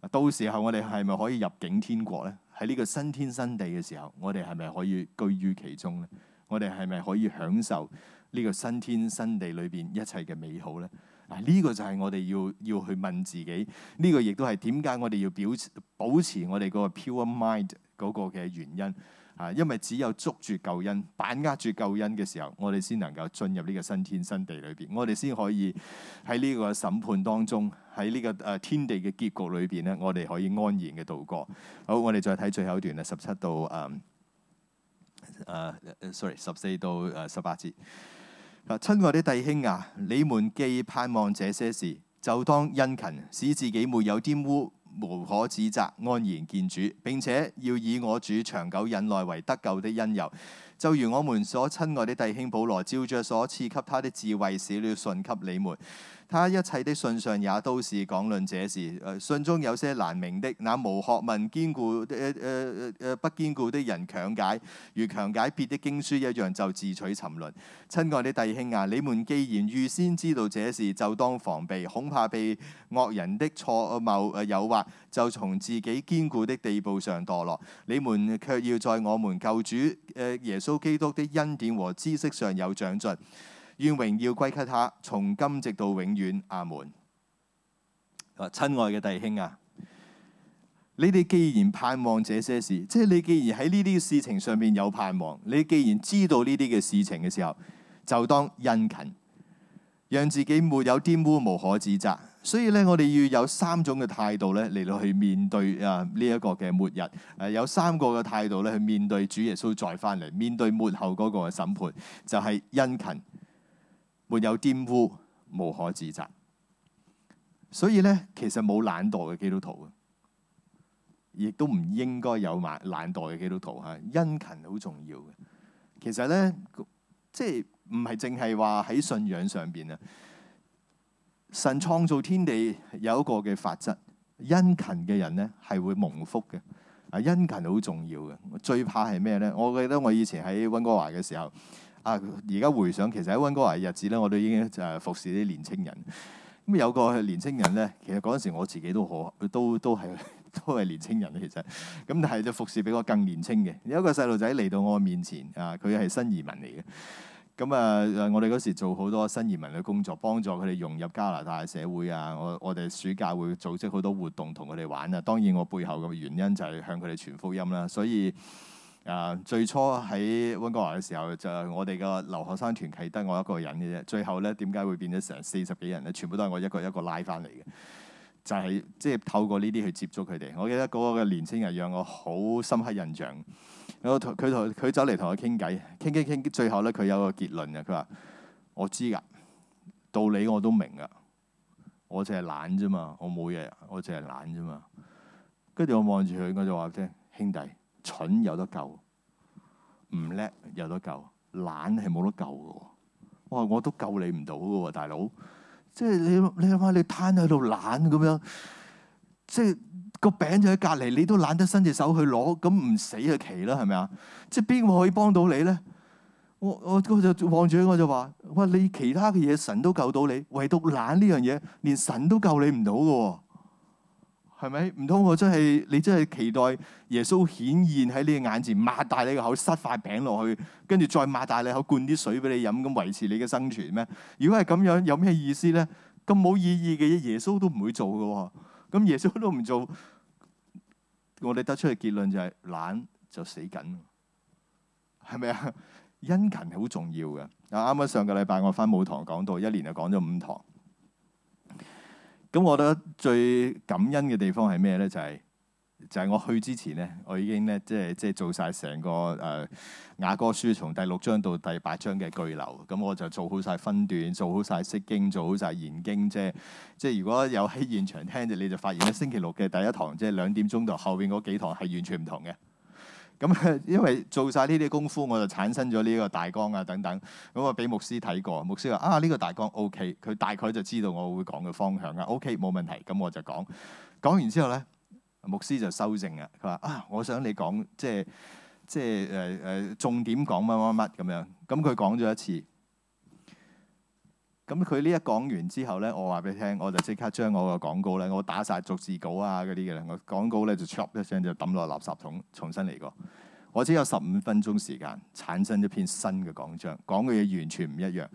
到時候我哋係咪可以入境天國咧？喺呢個新天新地嘅時候，我哋係咪可以居於其中咧？我哋係咪可以享受呢個新天新地裏邊一切嘅美好咧？嗱，呢個就係我哋要要去問自己，呢、呢個亦都係點解我哋要保持保持我哋個 pure mind 嗰個嘅原因。啊！因為只有捉住救恩、把握住救恩嘅時候，我哋先能夠進入呢個新天新地裏邊，我哋先可以喺呢個審判當中，喺呢個誒天地嘅結局裏邊咧，我哋可以安然嘅度過。好，我哋再睇最後一段啊，十七到誒誒、uh, uh,，sorry，十四到誒十八節。嗱、uh,，親愛 的弟兄啊，你們既盼望這些事，就當殷勤，使自己沒有玷污。無可指責，安然見主，並且要以我主長久忍耐為得救的因由。就如我們所親愛的弟兄保羅，照著所賜給他的智慧，寫了信給你們。他一切的信上也都是講論這事。誒信中有些難明的，那無學問、堅固、誒誒誒不堅固的人強解，如強解別的經書一樣，就自取沉淪。親愛的弟兄啊，你們既然預先知道這事，就當防備，恐怕被惡人的錯謬誒誘惑，就從自己堅固的地步上墮落。你們卻要在我們救主誒耶穌基督的恩典和知識上有長進。願榮耀歸給他，從今直到永遠。阿門。啊，親愛嘅弟兄啊，你哋既然盼望這些事，即係你既然喺呢啲事情上面有盼望，你既然知道呢啲嘅事情嘅時候，就當殷勤，讓自己沒有玷污，無可指責。所以咧，我哋要有三種嘅態度咧嚟，到去面對啊呢一個嘅末日，誒有三個嘅態度咧去面對主耶穌再翻嚟，面對末後嗰個嘅審判，就係殷勤。沒有玷污，無可自責。所以咧，其實冇懶惰嘅基督徒嘅，亦都唔應該有埋懶惰嘅基督徒嚇。啊，殷勤好重要嘅。其實咧，即係唔係淨係話喺信仰上邊啊？神創造天地有一個嘅法則，殷勤嘅人咧係會蒙福嘅。啊，殷勤好重要嘅。最怕係咩咧？我記得我以前喺温哥華嘅時候。啊！而家回想，其實喺温哥華日子咧，我都已經就係服侍啲年青人。咁有個年青人咧，其實嗰陣時我自己都好，都都係都係年青人。其實咁，但係就服侍比我更年青嘅。有一個細路仔嚟到我面前，啊，佢係新移民嚟嘅。咁啊，我哋嗰時做好多新移民嘅工作，幫助佢哋融入加拿大社會啊。我我哋暑假會組織好多活動同佢哋玩啊。當然，我背後嘅原因就係向佢哋傳福音啦。所以。啊！最初喺温哥華嘅時候，就係我哋個留學生團契得我一個人嘅啫。最後咧，點解會變咗成四十幾人咧？全部都係我一個一個拉翻嚟嘅，就係即係透過呢啲去接觸佢哋。我記得嗰個嘅年青人讓我好深刻印象。佢佢走嚟同我傾偈，傾傾傾，最後咧佢有個結論嘅。佢話：我知㗎道，道理我都明㗎，我淨係懶啫嘛，我冇嘢，我淨係懶啫嘛。跟住我望住佢，我就話聲兄弟。蠢有得救，唔叻有得救，懶係冇得救嘅。我我都救你唔到嘅喎，大佬。即係你你諗下，你攤喺度懶咁樣，即係個餅就喺隔離，你都懶得伸隻手去攞，咁唔死就奇啦，係咪啊？即係邊個可以幫到你咧？我我就望住我，我就話：喂，你其他嘅嘢神都救到你，唯獨懶呢樣嘢，連神都救你唔到嘅喎。係咪？唔通我真係你真係期待耶穌顯現喺你眼前，擘大你個口塞塊餅落去，跟住再擘大你口灌啲水俾你飲，咁維持你嘅生存咩？如果係咁樣，有咩意思咧？咁冇意義嘅嘢，耶穌都唔會做㗎喎。咁耶穌都唔做，我哋得出嘅結論就係，懶就死緊，係咪啊？殷勤係好重要嘅。啊，啱啱上個禮拜我翻母堂講到，一年就講咗五堂。咁我覺得最感恩嘅地方係咩咧？就係、是、就係我去之前咧，我已經咧即係即係做晒成個誒、呃、雅歌書從第六章到第八章嘅巨流，咁我就做好晒分段，做好晒釋經，做好晒研經啫。即係如果有喺現場聽嘅，你就發現咧，星期六嘅第一堂即係兩點鐘度，後邊嗰幾堂係完全唔同嘅。咁因為做晒呢啲功夫，我就產生咗呢個大綱啊等等，咁我俾牧師睇過，牧師話：啊呢個大綱 O K，佢大概就知道我會講嘅方向啊，O K 冇問題。咁我就講，講完之後咧，牧師就修正啦，佢話：啊我想你講即係即係誒誒重點講乜乜乜咁樣。咁佢講咗一次。咁佢呢一講完之後咧，我話俾你聽，我就即刻將我個廣告咧，我打晒逐字稿啊嗰啲嘅啦，我廣告咧就 chop 一聲就抌落垃圾桶，重新嚟過。我只有十五分鐘時間產生一篇新嘅講章，講嘅嘢完全唔一樣。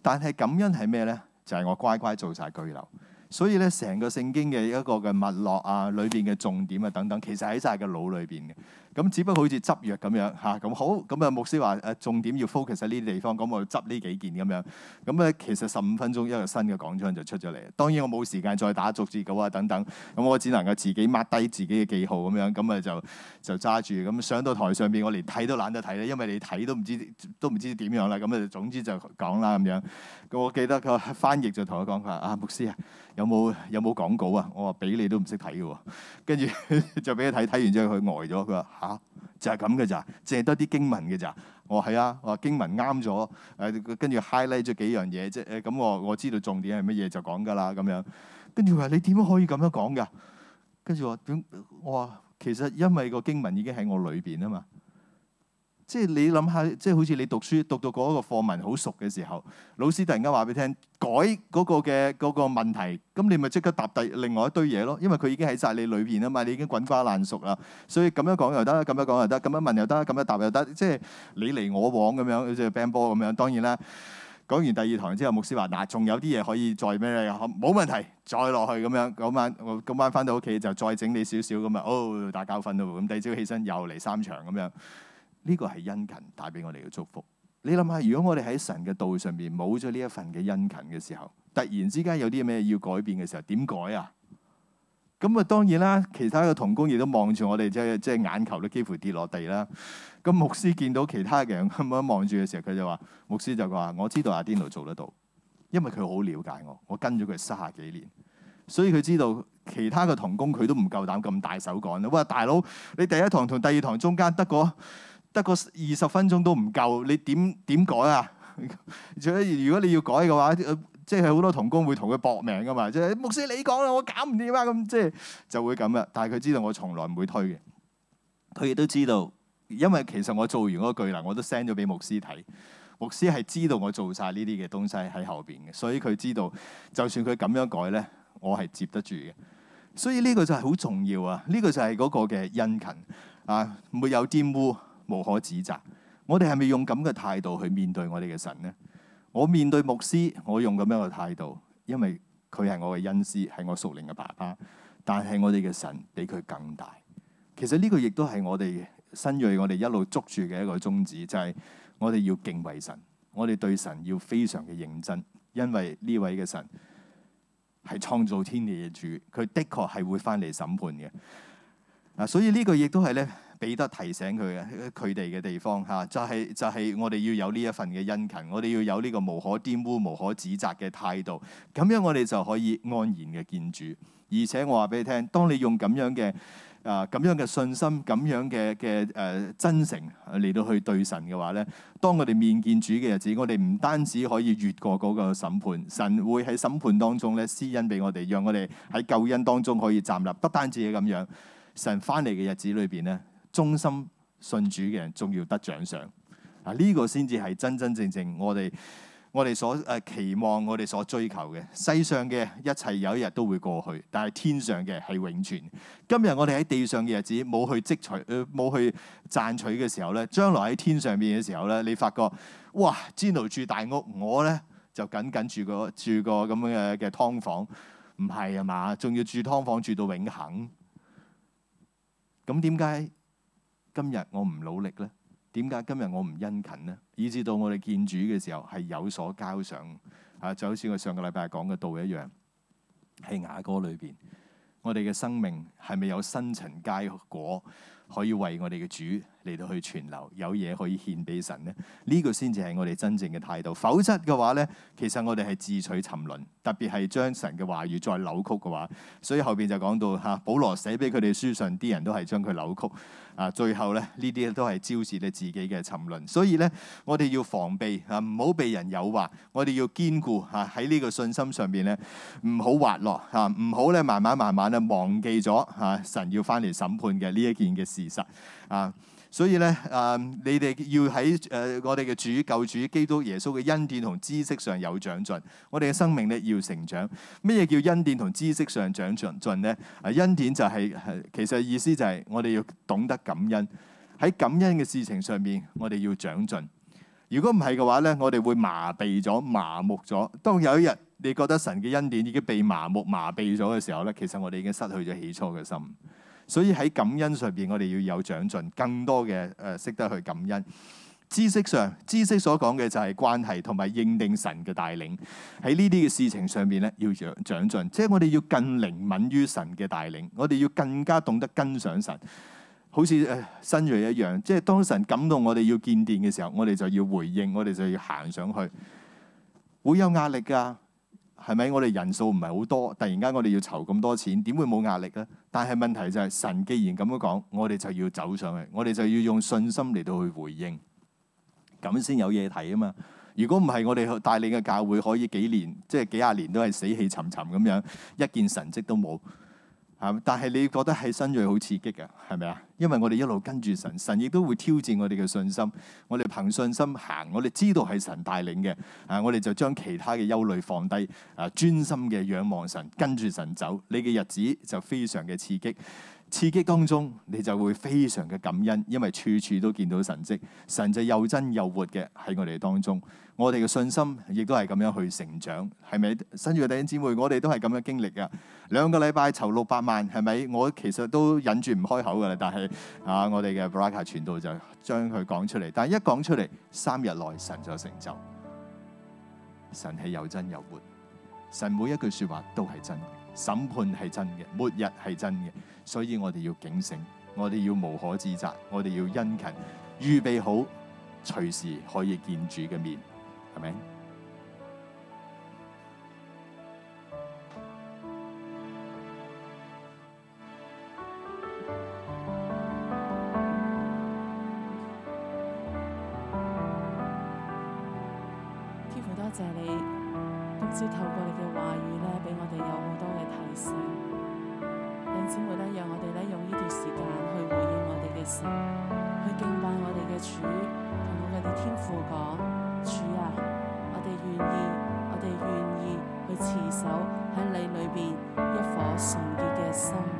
但係感恩係咩咧？就係、是、我乖乖做晒拘留，所以咧成個聖經嘅一個嘅脈絡啊，裏邊嘅重點啊等等，其實喺晒個腦裏邊嘅。咁只不過好似執藥咁樣嚇，咁、啊、好，咁啊牧師話誒重點要 focus 喺呢啲地方，咁我執呢幾件咁樣，咁咧其實十五分鐘一個新嘅講章就出咗嚟。當然我冇時間再打逐字稿啊等等，咁我只能夠自己抹低自己嘅記號咁樣，咁啊就就揸住，咁上到台上邊我連睇都懶得睇咧，因為你睇都唔知都唔知點樣啦，咁啊總之就講啦咁樣。我記得佢翻譯就同我講佢話啊牧師啊，有冇有冇講稿啊？我話俾你都唔識睇嘅喎，跟住 就俾佢睇，睇完之後佢呆咗，佢話。嚇、啊，就係咁嘅咋，淨係多啲經文嘅咋。我話係啊，我話經文啱咗。誒、呃，跟住 highlight 咗幾樣嘢啫。咁、呃、我、呃、我知道重點係乜嘢就講噶啦，咁樣。跟住話你點樣可以咁樣講嘅？跟住話點，我話其實因為個經文已經喺我裏邊啊嘛。即係你諗下，即係好似你讀書讀到嗰個課文好熟嘅時候，老師突然間話俾你聽改嗰個嘅嗰個問題，咁你咪即刻答第另外一堆嘢咯。因為佢已經喺晒你裏邊啊嘛，你已經滾瓜爛熟啦。所以咁樣講又得，咁樣講又得，咁樣問又得，咁樣答又得。即係你嚟我往咁樣，好似乒乓波咁樣。當然啦，講完第二堂之後，牧師話：嗱，仲有啲嘢可以再咩咧？冇問題，再落去咁樣。嗰晚我嗰晚翻到屋企就再整理少少咁啊。哦，打覺瞓咯。咁第二朝起身又嚟三場咁樣。呢個係殷勤帶俾我哋嘅祝福。你諗下，如果我哋喺神嘅道上面冇咗呢一份嘅殷勤嘅時候，突然之間有啲咩要改變嘅時候，點改啊？咁啊，當然啦，其他嘅同工亦都望住我哋，即係即係眼球都幾乎跌落地啦。咁牧師見到其他嘅人咁樣望住嘅時候，佢就話：牧師就話我知道阿天奴做得到，因為佢好了解我，我跟咗佢卅幾年，所以佢知道其他嘅同工佢都唔夠膽咁大手講。喂，大佬你第一堂同第二堂中間得個。得個二十分鐘都唔夠，你點點改啊？ 如果你要改嘅話，呃、即係好多同工會同佢搏命噶嘛。即係牧師你講啦，我搞唔掂啊！咁即係就會咁啦。但係佢知道我從來唔會推嘅。佢亦都知道，因為其實我做完嗰個巨難，我都 send 咗俾牧師睇。牧師係知道我做晒呢啲嘅東西喺後邊嘅，所以佢知道，就算佢咁樣改咧，我係接得住嘅。所以呢個就係好重要、這個、啊！呢個就係嗰個嘅殷勤啊，唔會有玷污。無可指責，我哋係咪用咁嘅態度去面對我哋嘅神呢？我面對牧師，我用咁樣嘅態度，因為佢係我嘅恩師，係我屬靈嘅爸爸。但係我哋嘅神比佢更大。其實呢個亦都係我哋新銳，我哋一路捉住嘅一個宗旨，就係、是、我哋要敬畏神，我哋對神要非常嘅認真，因為呢位嘅神係創造天地嘅主，佢的確係會返嚟審判嘅。啊，所以呢個亦都係咧，彼得提醒佢嘅佢哋嘅地方吓，就係、就係、我哋要有呢一份嘅殷勤，我哋要有呢個無可玷污、無可指責嘅態度，咁樣我哋就可以安然嘅見主。而且我話俾你聽，當你用咁樣嘅啊咁樣嘅信心、咁樣嘅嘅誒真誠嚟到去對神嘅話咧，當我哋面見主嘅日子，我哋唔單止可以越過嗰個審判，神會喺審判當中咧施恩俾我哋，讓我哋喺救恩當中可以站立。不單止係咁樣。神翻嚟嘅日子裏邊咧，忠心信主嘅人仲要得獎賞啊！呢、呢個先至係真真正正我哋我哋所誒、呃、期望，我哋所追求嘅。世上嘅一切有一日都會過去，但係天上嘅係永存。今日我哋喺地上嘅日子，冇去積取，冇、呃、去賺取嘅時候咧，將來喺天上邊嘅時候咧，你發覺哇，知奴住大屋，我咧就僅僅住個住個咁樣嘅嘅劏房，唔係啊嘛？仲要住劏房住到永恆。咁點解今日我唔努力咧？點解今日我唔殷勤咧？以至到我哋見主嘅時候係有所交上啊！就好似我上個禮拜講嘅道一樣，喺雅歌裏邊，我哋嘅生命係咪有新陳佳果？可以為我哋嘅主嚟到去存留有嘢可以獻俾神咧，呢、這個先至係我哋真正嘅態度。否則嘅話咧，其實我哋係自取沉淪，特別係將神嘅話語再扭曲嘅話，所以後邊就講到嚇、啊，保羅寫俾佢哋書上啲人都係將佢扭曲。啊！最後咧，呢啲咧都係招致你自己嘅沉淪，所以咧我哋要防備啊，唔好被人誘惑。我哋要堅固啊，喺呢個信心上邊咧，唔好滑落啊，唔好咧慢慢慢慢咧忘記咗啊，神要翻嚟審判嘅呢一件嘅事實啊。所以咧，誒、呃，你哋要喺誒、呃、我哋嘅主救主基督耶穌嘅恩典同知識上有長進。我哋嘅生命咧要成長。咩叫恩典同知識上長進進咧？誒、啊，恩典就係、是、係其實意思就係我哋要懂得感恩。喺感恩嘅事情上面，我哋要長進。如果唔係嘅話咧，我哋會麻痹咗、麻木咗。當有一日你覺得神嘅恩典已經被麻木、麻痹咗嘅時候咧，其實我哋已經失去咗起初嘅心。所以喺感恩上邊，我哋要有長進，更多嘅誒識得去感恩。知識上，知識所講嘅就係關係同埋認定神嘅帶領。喺呢啲嘅事情上邊咧，要長長進，即係我哋要更靈敏於神嘅帶領，我哋要更加懂得跟上神。好似誒、呃、新銳一樣，即係當神感動我哋要見電嘅時候，我哋就要回應，我哋就要行上去。會有壓力㗎。係咪我哋人數唔係好多？突然間我哋要籌咁多錢，點會冇壓力啊？但係問題就係神既然咁樣講，我哋就要走上去，我哋就要用信心嚟到去回應，咁先有嘢睇啊嘛！如果唔係，我哋帶領嘅教會可以幾年，即係幾廿年都係死氣沉沉咁樣，一件神跡都冇。啊！但係你覺得喺新瑞好刺激㗎，係咪啊？因為我哋一路跟住神，神亦都會挑戰我哋嘅信心。我哋憑信心行，我哋知道係神帶領嘅。啊！我哋就將其他嘅憂慮放低，啊，專心嘅仰望神，跟住神走。你嘅日子就非常嘅刺激。刺激當中，你就會非常嘅感恩，因為處處都見到神跡，神就又真又活嘅喺我哋當中。我哋嘅信心亦都係咁樣去成長，係咪？新住嘅弟兄姊妹，我哋都係咁樣經歷㗎。兩個禮拜籌六百萬，係咪？我其實都忍住唔開口㗎啦，但係啊，我哋嘅布拉克傳道就將佢講出嚟。但係一講出嚟，三日內神就成就。神係又真又活，神每一句説話都係真，審判係真嘅，末日係真嘅。所以我哋要警醒，我哋要無可指責，我哋要殷勤，預備好，隨時可以見主嘅面，係咪？天父多謝你，今朝透過你嘅話語咧，俾我哋有好多嘅提醒。先會咧，讓我哋咧用呢段時間去回應我哋嘅神，去敬拜我哋嘅主，同我哋嘅天父講，主啊，我哋願意，我哋願意去持守喺你裏邊一顆純潔嘅心。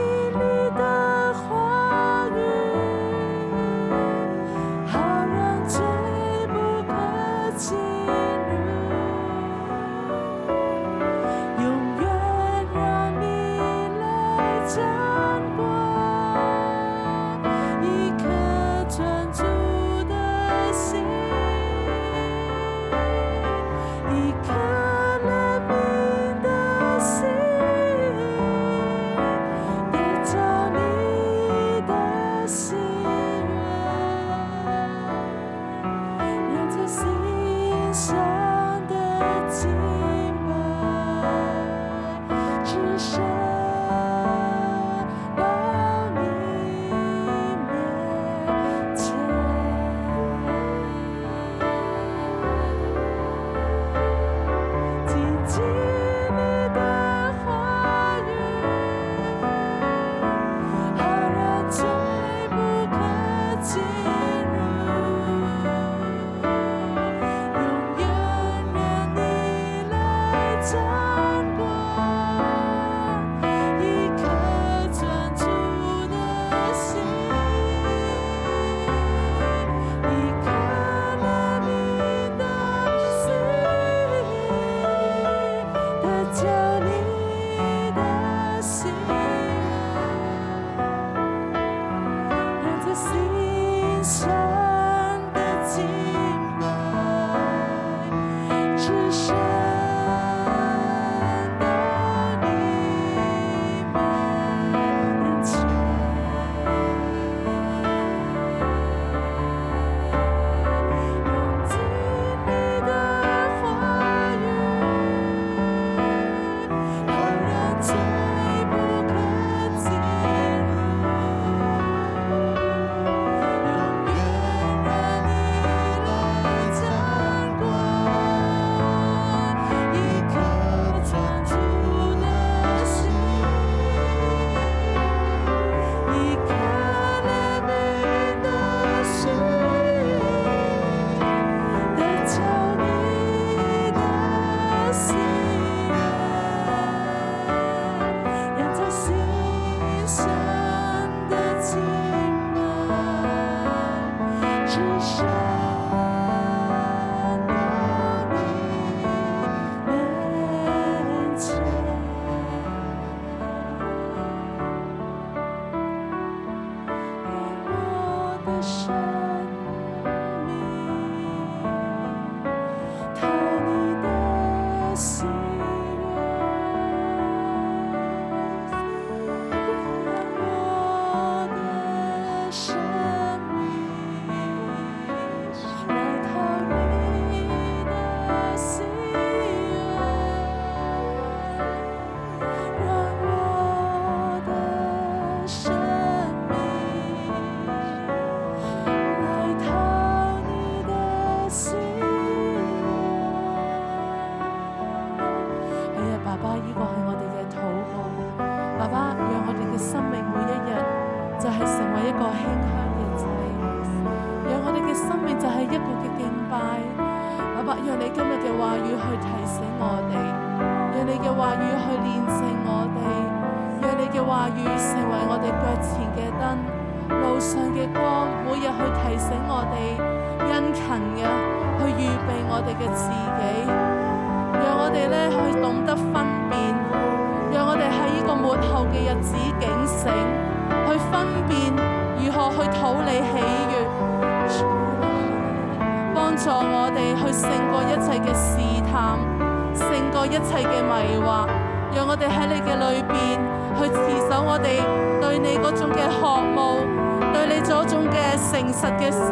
誠實嘅心、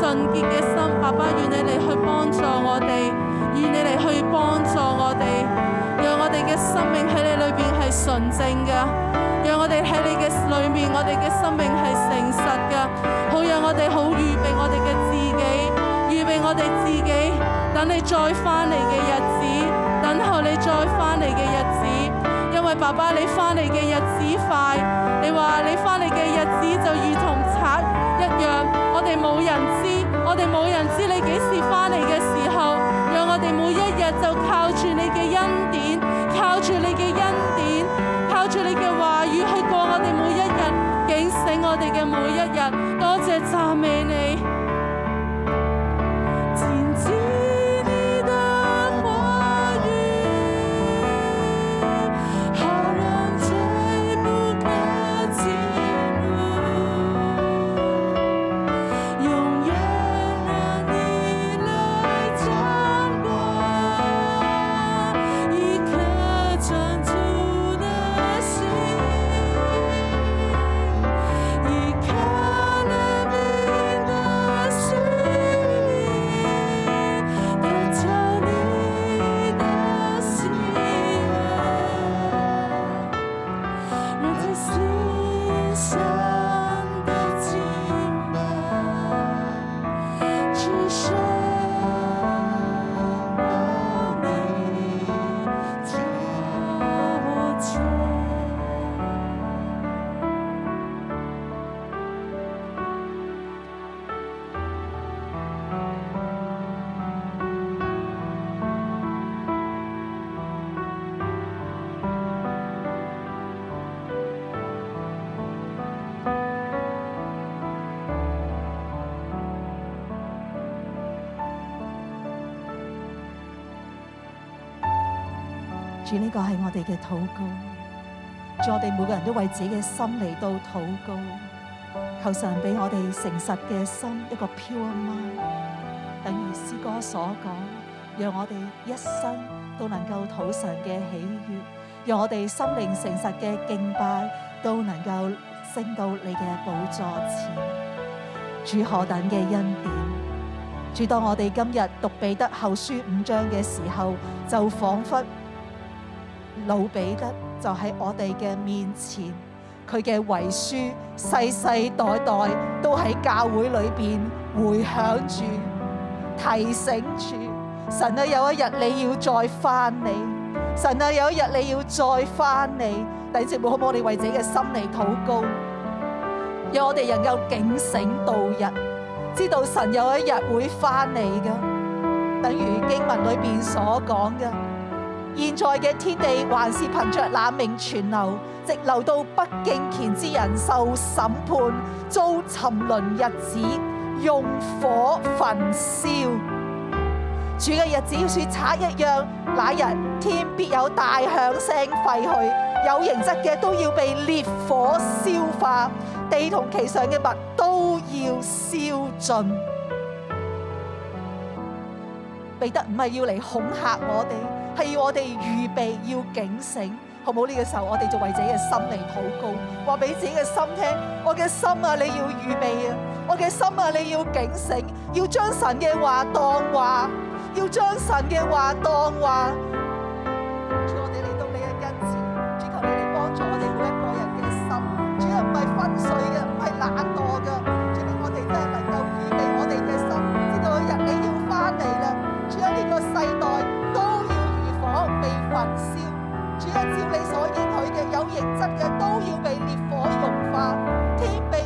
純潔嘅心，爸爸願你嚟去幫助我哋，願你嚟去幫助我哋，讓我哋嘅生命喺你裏邊係純正嘅，讓我哋喺你嘅裏面，我哋嘅生命係誠實嘅，好讓我哋好預備我哋嘅自己，預備我哋自己，等你再翻嚟嘅日子，等候你再翻嚟嘅日子，因為爸爸你翻嚟嘅日子快，你話你翻嚟嘅日子就如同。一樣，我哋冇人知，我哋冇人知你幾時翻嚟嘅時候，讓我哋每一日就靠住你嘅恩典，靠住你嘅恩典，靠住你嘅話語去過我哋每一日，警醒我哋嘅每一日，多謝讚美你。主呢個係我哋嘅禱告，主我哋每個人都為自己嘅心嚟到禱告，求神俾我哋誠實嘅心一個飄啊媽，等於詩歌所講，讓我哋一生都能夠討神嘅喜悦，讓我哋心靈誠實嘅敬拜都能夠升到你嘅寶座前，主何等嘅恩典。主，當我哋今日讀彼得後書五章嘅時候，就仿佛。老彼得就喺我哋嘅面前，佢嘅遺書世世代代都喺教會裏邊回響住，提醒住神啊，有一日你要再翻嚟，神啊，有一日你要再翻嚟。弟兄姊妹可唔可以為自己嘅心理禱告？讓我哋能夠警醒度日，知道神有一日會翻嚟噶，等於經文裏邊所講嘅。現在嘅天地還是憑着那命存留，直留到不敬虔之人受審判，遭沉淪日子，用火焚燒。主嘅日子要似賊一樣，那日天必有大響聲廢去，有形質嘅都要被烈火燒化，地同其上嘅物都要燒盡。彼得唔係要嚟恐嚇我哋。係要我哋預備，要警醒，好冇？呢、這個時候，我哋就為自己嘅心嚟禱告，話俾自己嘅心聽，我嘅心啊，你要預備啊，我嘅心啊，你要警醒，要將神嘅話當話，要將神嘅話當話。我哋嚟到每一日子，主求你哋幫助我哋每一個人嘅心，主要唔係昏睡嘅，唔係懶惰嘅。一照你所應許嘅，有形質嘅都要被烈火融化，天被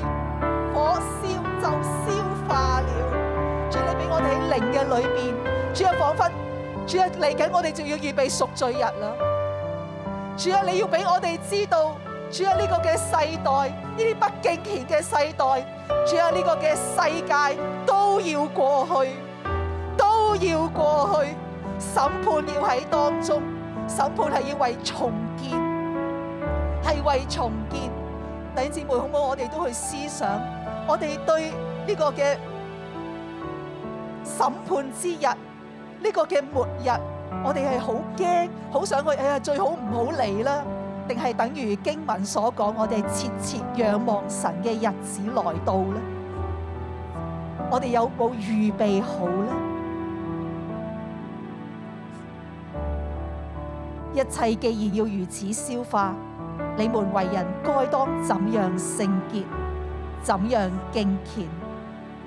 火燒就消化了。主啊，俾我哋喺靈嘅裏邊。主啊，仿佛主啊，嚟緊我哋就要預備贖罪日啦。主啊，你要俾我哋知道，主啊，呢個嘅世代，呢啲不敬虔嘅世代，主啊，呢個嘅世界都要過去，都要過去，審判要喺當中。審判係要為重建，係為重建，弟兄姊妹好唔好？我哋都去思想，我哋對呢個嘅審判之日，呢個嘅末日，我哋係好驚，好想去，哎呀，最好唔好嚟啦，定係等於經文所講，我哋切切仰望神嘅日子來到咧，我哋有冇預備好咧？一切既然要如此消化，你們為人該當怎樣聖潔，怎樣敬虔，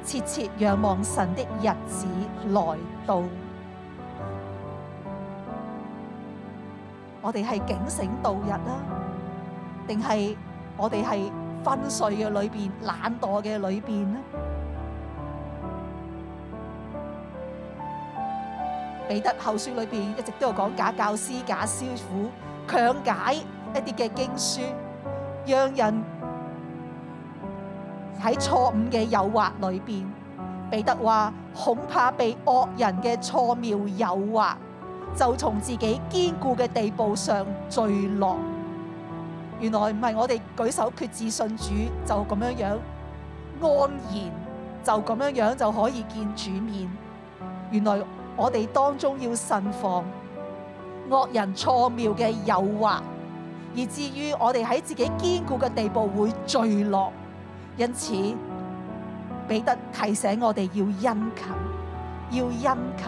切切仰望神的日子來到。 我哋係警醒度日啦，定係我哋係昏睡嘅裏邊、懶惰嘅裏邊呢？彼得後書裏邊一直都有講假教師、假師傅強解一啲嘅經書，讓人喺錯誤嘅誘惑裏邊。彼得話：恐怕被惡人嘅錯謬誘惑，就從自己堅固嘅地步上墜落。原來唔係我哋舉手決志信主就咁樣樣安然就咁樣樣就可以見主面。原來。我哋當中要慎防惡人錯謬嘅誘惑，而至於我哋喺自己堅固嘅地步會墜落，因此彼得提醒我哋要殷勤，要殷勤，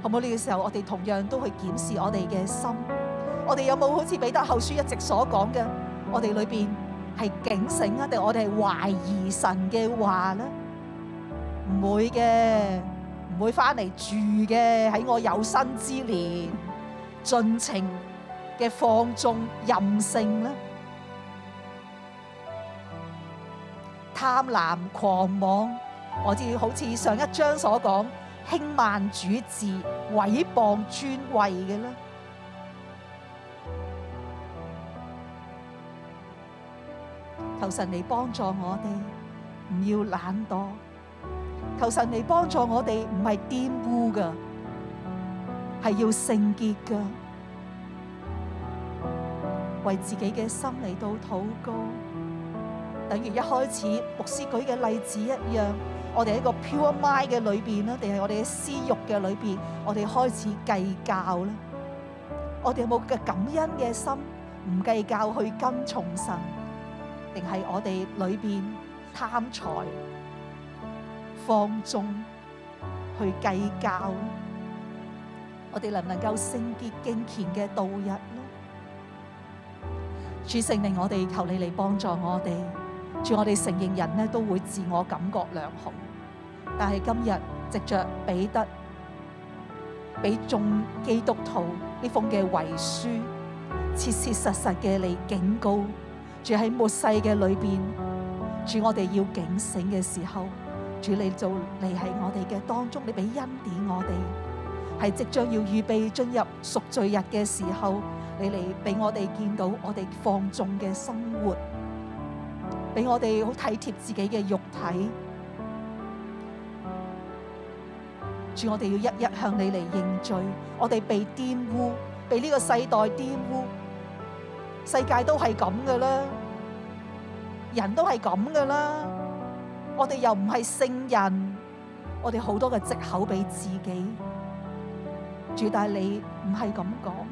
好唔好？呢個時候我哋同樣都去檢視我哋嘅心，我哋有冇好似彼得後書一直所講嘅，我哋裏邊係警醒啊，定我哋係懷疑神嘅話咧？唔會嘅。唔會翻嚟住嘅，喺我有生之年，盡情嘅放縱任性啦，貪婪狂妄，我知好似上一章所講輕慢主治，毀謗尊貴嘅啦，求神嚟幫助我哋，唔要懶惰。求神嚟幫助我哋，唔係玷污噶，係要聖潔噶。為自己嘅心嚟到禱告，等於一開始牧師舉嘅例子一樣。我哋喺個 pure mind 嘅裏邊咧，定係我哋喺私欲嘅裏邊，我哋開始計較咧。我哋有冇嘅感恩嘅心，唔計較去跟從神，定係我哋裏邊貪財？放中去計較，我哋能唔能夠聖潔敬虔嘅度日呢？主聖令，我哋，求你嚟幫助我哋。主，我哋承認人呢都會自我感覺良好，但係今日藉著彼得俾眾基督徒呢封嘅遺書，切切實實嘅嚟警告。住喺末世嘅裏邊，住我哋要警醒嘅時候。主，你做你喺我哋嘅當中，你俾恩典我哋，係即將要預備進入贖罪日嘅時候，你嚟俾我哋見到我哋放縱嘅生活，俾我哋好體貼自己嘅肉體。主，我哋要一一向你嚟認罪，我哋被玷污，被呢個世代玷污，世界都係咁噶啦，人都係咁噶啦。我哋又唔係聖人，我哋好多嘅藉口，俾自己。主大，你唔係咁講，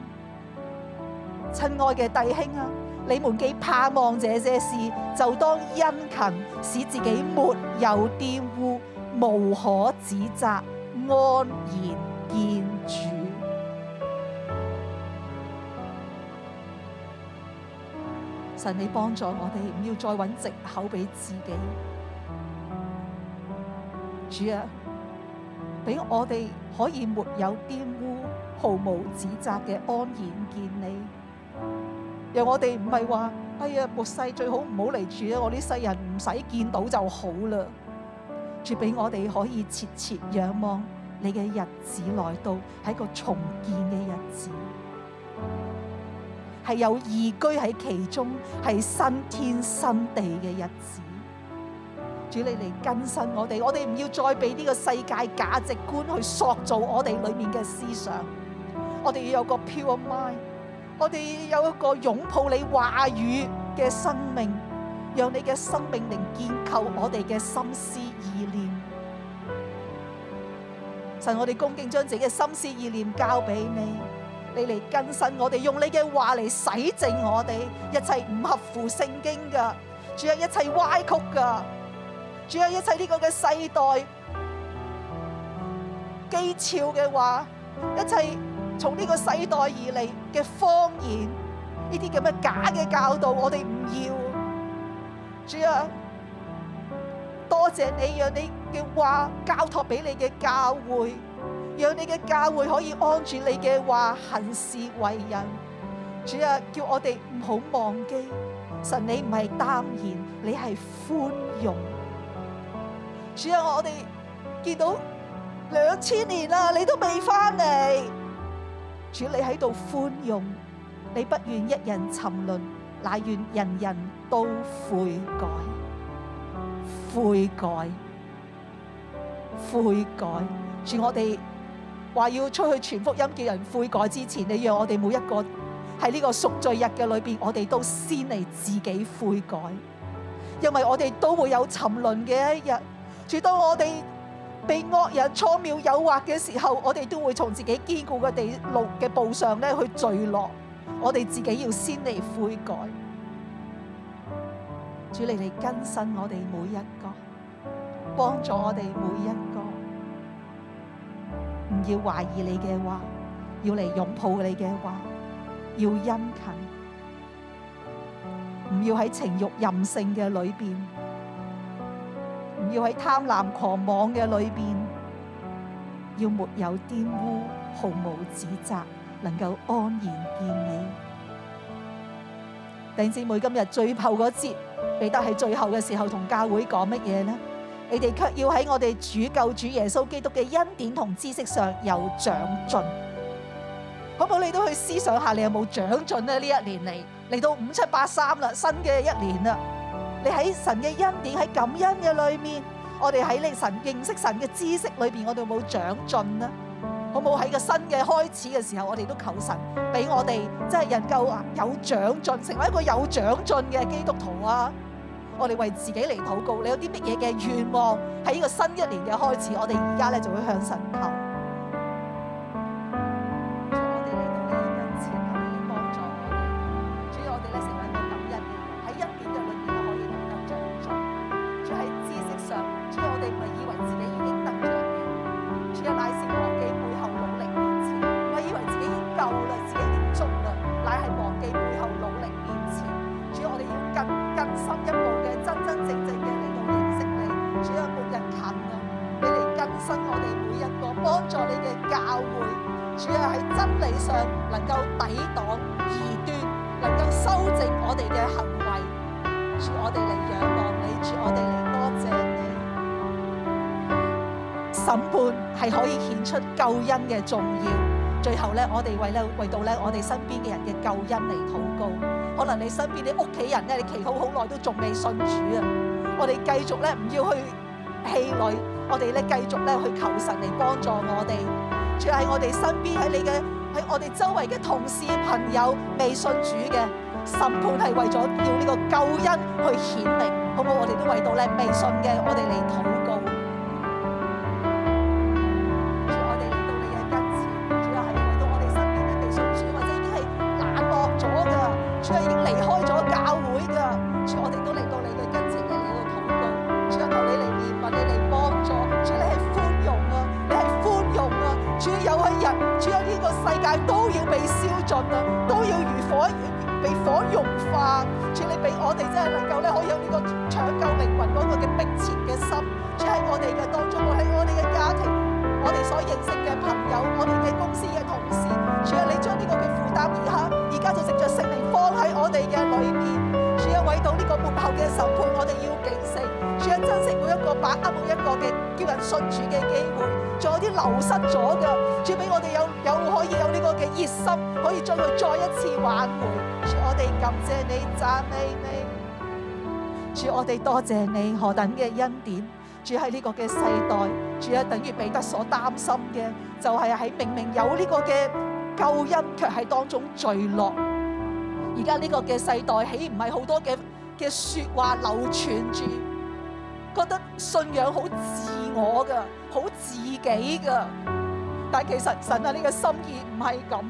親愛嘅弟兄啊，你們既盼望這些事，就當殷勤，使自己沒有玷污，無可指責，安然見主。神，你幫助我哋，唔要再揾藉口俾自己。主啊，俾我哋可以沒有玷污、毫無指責嘅安然見你，讓我哋唔係話，哎呀，末世最好唔好嚟住啊，我啲世人唔使見到就好啦。主俾我哋可以切切仰望你嘅日子來到，係一個重建嘅日子，係有義居喺其中，係新天新地嘅日子。主，你嚟更新我哋，我哋唔要再俾呢個世界價值觀去塑造我哋裏面嘅思想。我哋要有個 pure mind，我哋要有一個擁抱你話語嘅生命，讓你嘅生命嚟建構我哋嘅心思意念。神，我哋恭敬將自己嘅心思意念交俾你，你嚟更新我哋，用你嘅話嚟洗淨我哋一切唔合乎聖經嘅，仲有一切歪曲嘅。主啊，一切呢個嘅世代譏誚嘅話，一切從呢個世代而嚟嘅謊言，呢啲咁嘅假嘅教導，我哋唔要。主啊，多謝你，讓你嘅話交託俾你嘅教會，讓你嘅教會可以安住你嘅話行事為人。主啊，叫我哋唔好忘記，神你唔係耽延，你係寬容。主啊，我哋見到兩千年啦，你都未翻嚟。主你喺度寬容，你不願一人沉淪，乃願人人都悔改、悔改、悔改。主，我哋話要出去傳福音，叫人悔改之前，你讓我哋每一個喺呢個贖罪日嘅裏邊，我哋都先嚟自己悔改，因為我哋都會有沉淪嘅一日。主，到我哋被惡人錯謬誘惑嘅時候，我哋都會從自己堅固嘅地路嘅步上去墜落。我哋自己要先嚟悔改，主，你嚟更新我哋每一個，幫助我哋每一個，唔要懷疑你嘅話，要嚟擁抱你嘅話，要殷勤，唔要喺情慾任性嘅裏面。唔要喺貪婪狂妄嘅裏邊，要沒有玷污，毫無指責，能夠安然見你弟兄姊妹。今日最後嗰節，彼得喺最後嘅時候同教會講乜嘢呢？你哋卻要喺我哋主救主耶穌基督嘅恩典同知識上有長進，可好，你都去思想下，你有冇長進咧？呢一年嚟，嚟到五七八三啦，新嘅一年啦。你喺神嘅恩典喺感恩嘅裏面，我哋喺你神認識神嘅知識裏邊，我哋有冇長進啊？好冇喺個新嘅開始嘅時候，我哋都求神俾我哋即係人夠有長進，成為一個有長進嘅基督徒啊！我哋為自己嚟禱告，你有啲乜嘢嘅願望喺呢個新一年嘅開始，我哋而家咧就會向神求。我哋嘅行為，主我哋嚟仰望你，主我哋嚟多謝你。審判係可以顯出救恩嘅重要。最後咧，我哋為咧為到咧我哋身邊嘅人嘅救恩嚟禱告。可能你身邊啲屋企人咧，你祈禱好耐都仲未信主啊！我哋繼續咧，唔要去氣餒，我哋咧繼續咧去求神嚟幫助我哋。主喺我哋身邊，喺你嘅，喺我哋周圍嘅同事朋友未信主嘅。甚至係為咗要呢個救恩去顯明，好唔好？我哋都為到咧，未信嘅我哋嚟討。嘅恩典住喺呢個嘅世代，住喺等於彼得所擔心嘅，就係、是、喺明明有呢個嘅救恩，卻喺當中墜落。而家呢個嘅世代，豈唔係好多嘅嘅說話流傳住，覺得信仰好自我噶，好自己噶，但其實神啊，呢、這個心意唔係咁，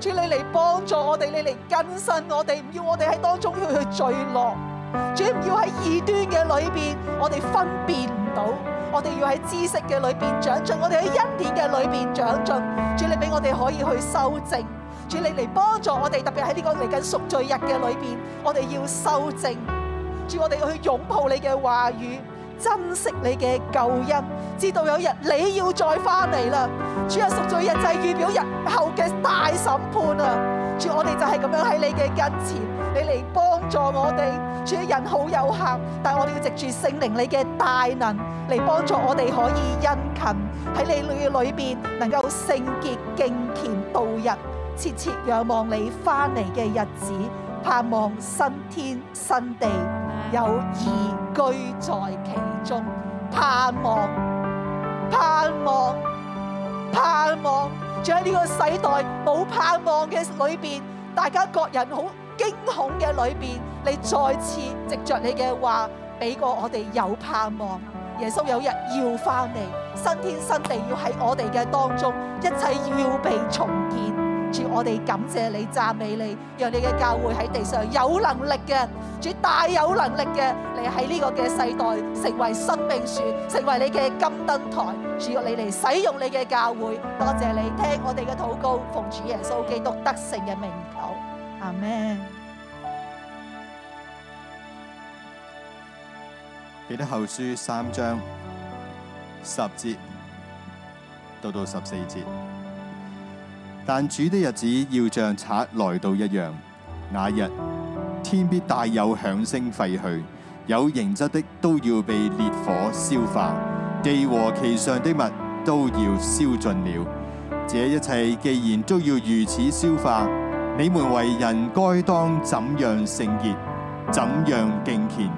主你嚟幫助我哋，你嚟更新我哋，唔要我哋喺當中要去墜落。主唔要喺異端嘅裏邊，我哋分辨唔到。我哋要喺知識嘅裏邊長進，我哋喺恩典嘅裏邊長進。主你俾我哋可以去修正，主你嚟幫助我哋，特別喺呢個嚟緊贖罪日嘅裏邊，我哋要修正。主我哋要去擁抱你嘅話語，珍惜你嘅救恩，知道有日你要再翻嚟啦。主啊，贖罪日就係預表日後嘅大審判啊！主，我哋就係咁樣喺你嘅跟前，你嚟幫助我哋。主，人好有限，但係我哋要藉住聖靈你嘅大能嚟幫助我哋，可以殷勤喺你裏邊，能夠聖潔敬虔度日，切切仰望你翻嚟嘅日子，盼望新天新地有義居在其中，盼望，盼望。盼望，仲喺呢個世代冇盼望嘅裏邊，大家各人好驚恐嘅裏邊，你再次藉着你嘅話，俾過我哋有盼望。耶穌有一日要翻嚟，新天新地要喺我哋嘅當中，一切要被重建。主，我哋感謝你讚美你，讓你嘅教會喺地上有能力嘅，主大有能力嘅，你喺呢個嘅世代成為生命樹，成為你嘅金燈臺。主，你嚟使用你嘅教會，多謝你聽我哋嘅禱告，奉主耶穌基督得勝嘅名求，阿門。彼得後書三章十節到到十四節。但主的日子要像賊來到一樣，那日天必大有響聲廢去，有形質的都要被烈火消化，地和其上的物都要燒盡了。這一切既然都要如此消化，你們為人該當怎樣聖潔，怎樣敬虔，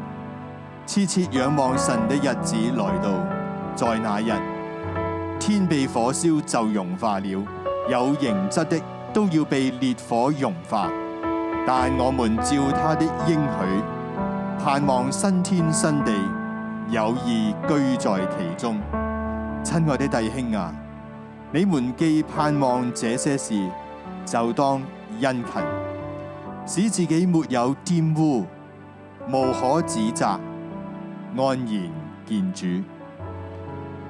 切切仰望神的日子來到。在那日，天被火燒就融化了。有形質的都要被烈火融化，但我們照他的應許，盼望新天新地，有義居在其中。親愛的弟兄啊，你們既盼望這些事，就當殷勤，使自己沒有玷污、無可指責，安然見主。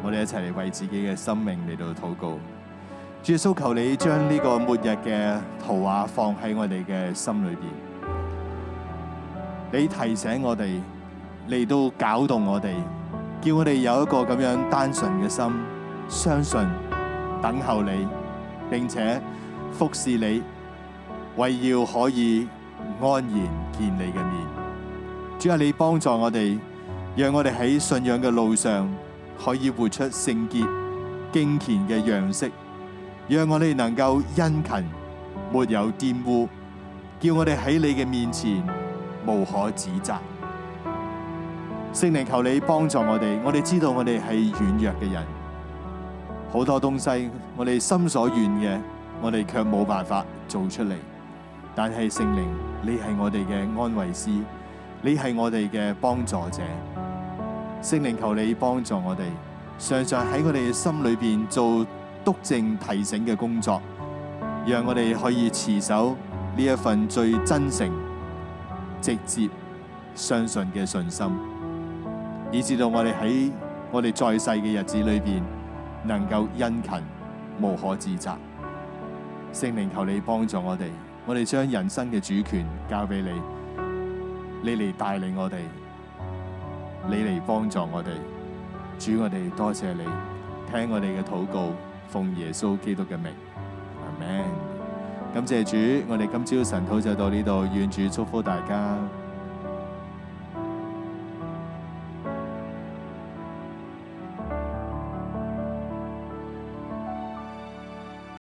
我哋一齊嚟為自己嘅生命嚟到禱告。主，求求你將呢個末日嘅圖畫放喺我哋嘅心裏邊，你提醒我哋，你都搞動我哋，叫我哋有一個咁樣單純嘅心，相信、等候你，並且服侍你，為要可以安然見你嘅面。主啊，你幫助我哋，讓我哋喺信仰嘅路上可以活出聖潔、敬虔嘅樣式。讓我哋能夠殷勤，沒有玷污；叫我哋喺你嘅面前無可指責。聖靈，求你幫助我哋。我哋知道我哋係軟弱嘅人，好多東西我哋心所願嘅，我哋卻冇辦法做出嚟。但係聖靈，你係我哋嘅安慰師，你係我哋嘅幫助者。聖靈，求你幫助我哋，常常喺我哋心裏邊做。督正提醒嘅工作，讓我哋可以持守呢一份最真誠、直接、相信嘅信心，以至到我哋喺我哋在世嘅日子裏邊，能夠殷勤無可自責。聖靈，求你幫助我哋，我哋將人生嘅主權交俾你，你嚟帶領我哋，你嚟幫助我哋。主，我哋多謝，謝你，聽我哋嘅禱告。奉耶穌基督嘅名，Amen。感謝主，我哋今朝晨禱就到呢度，願主祝福大家。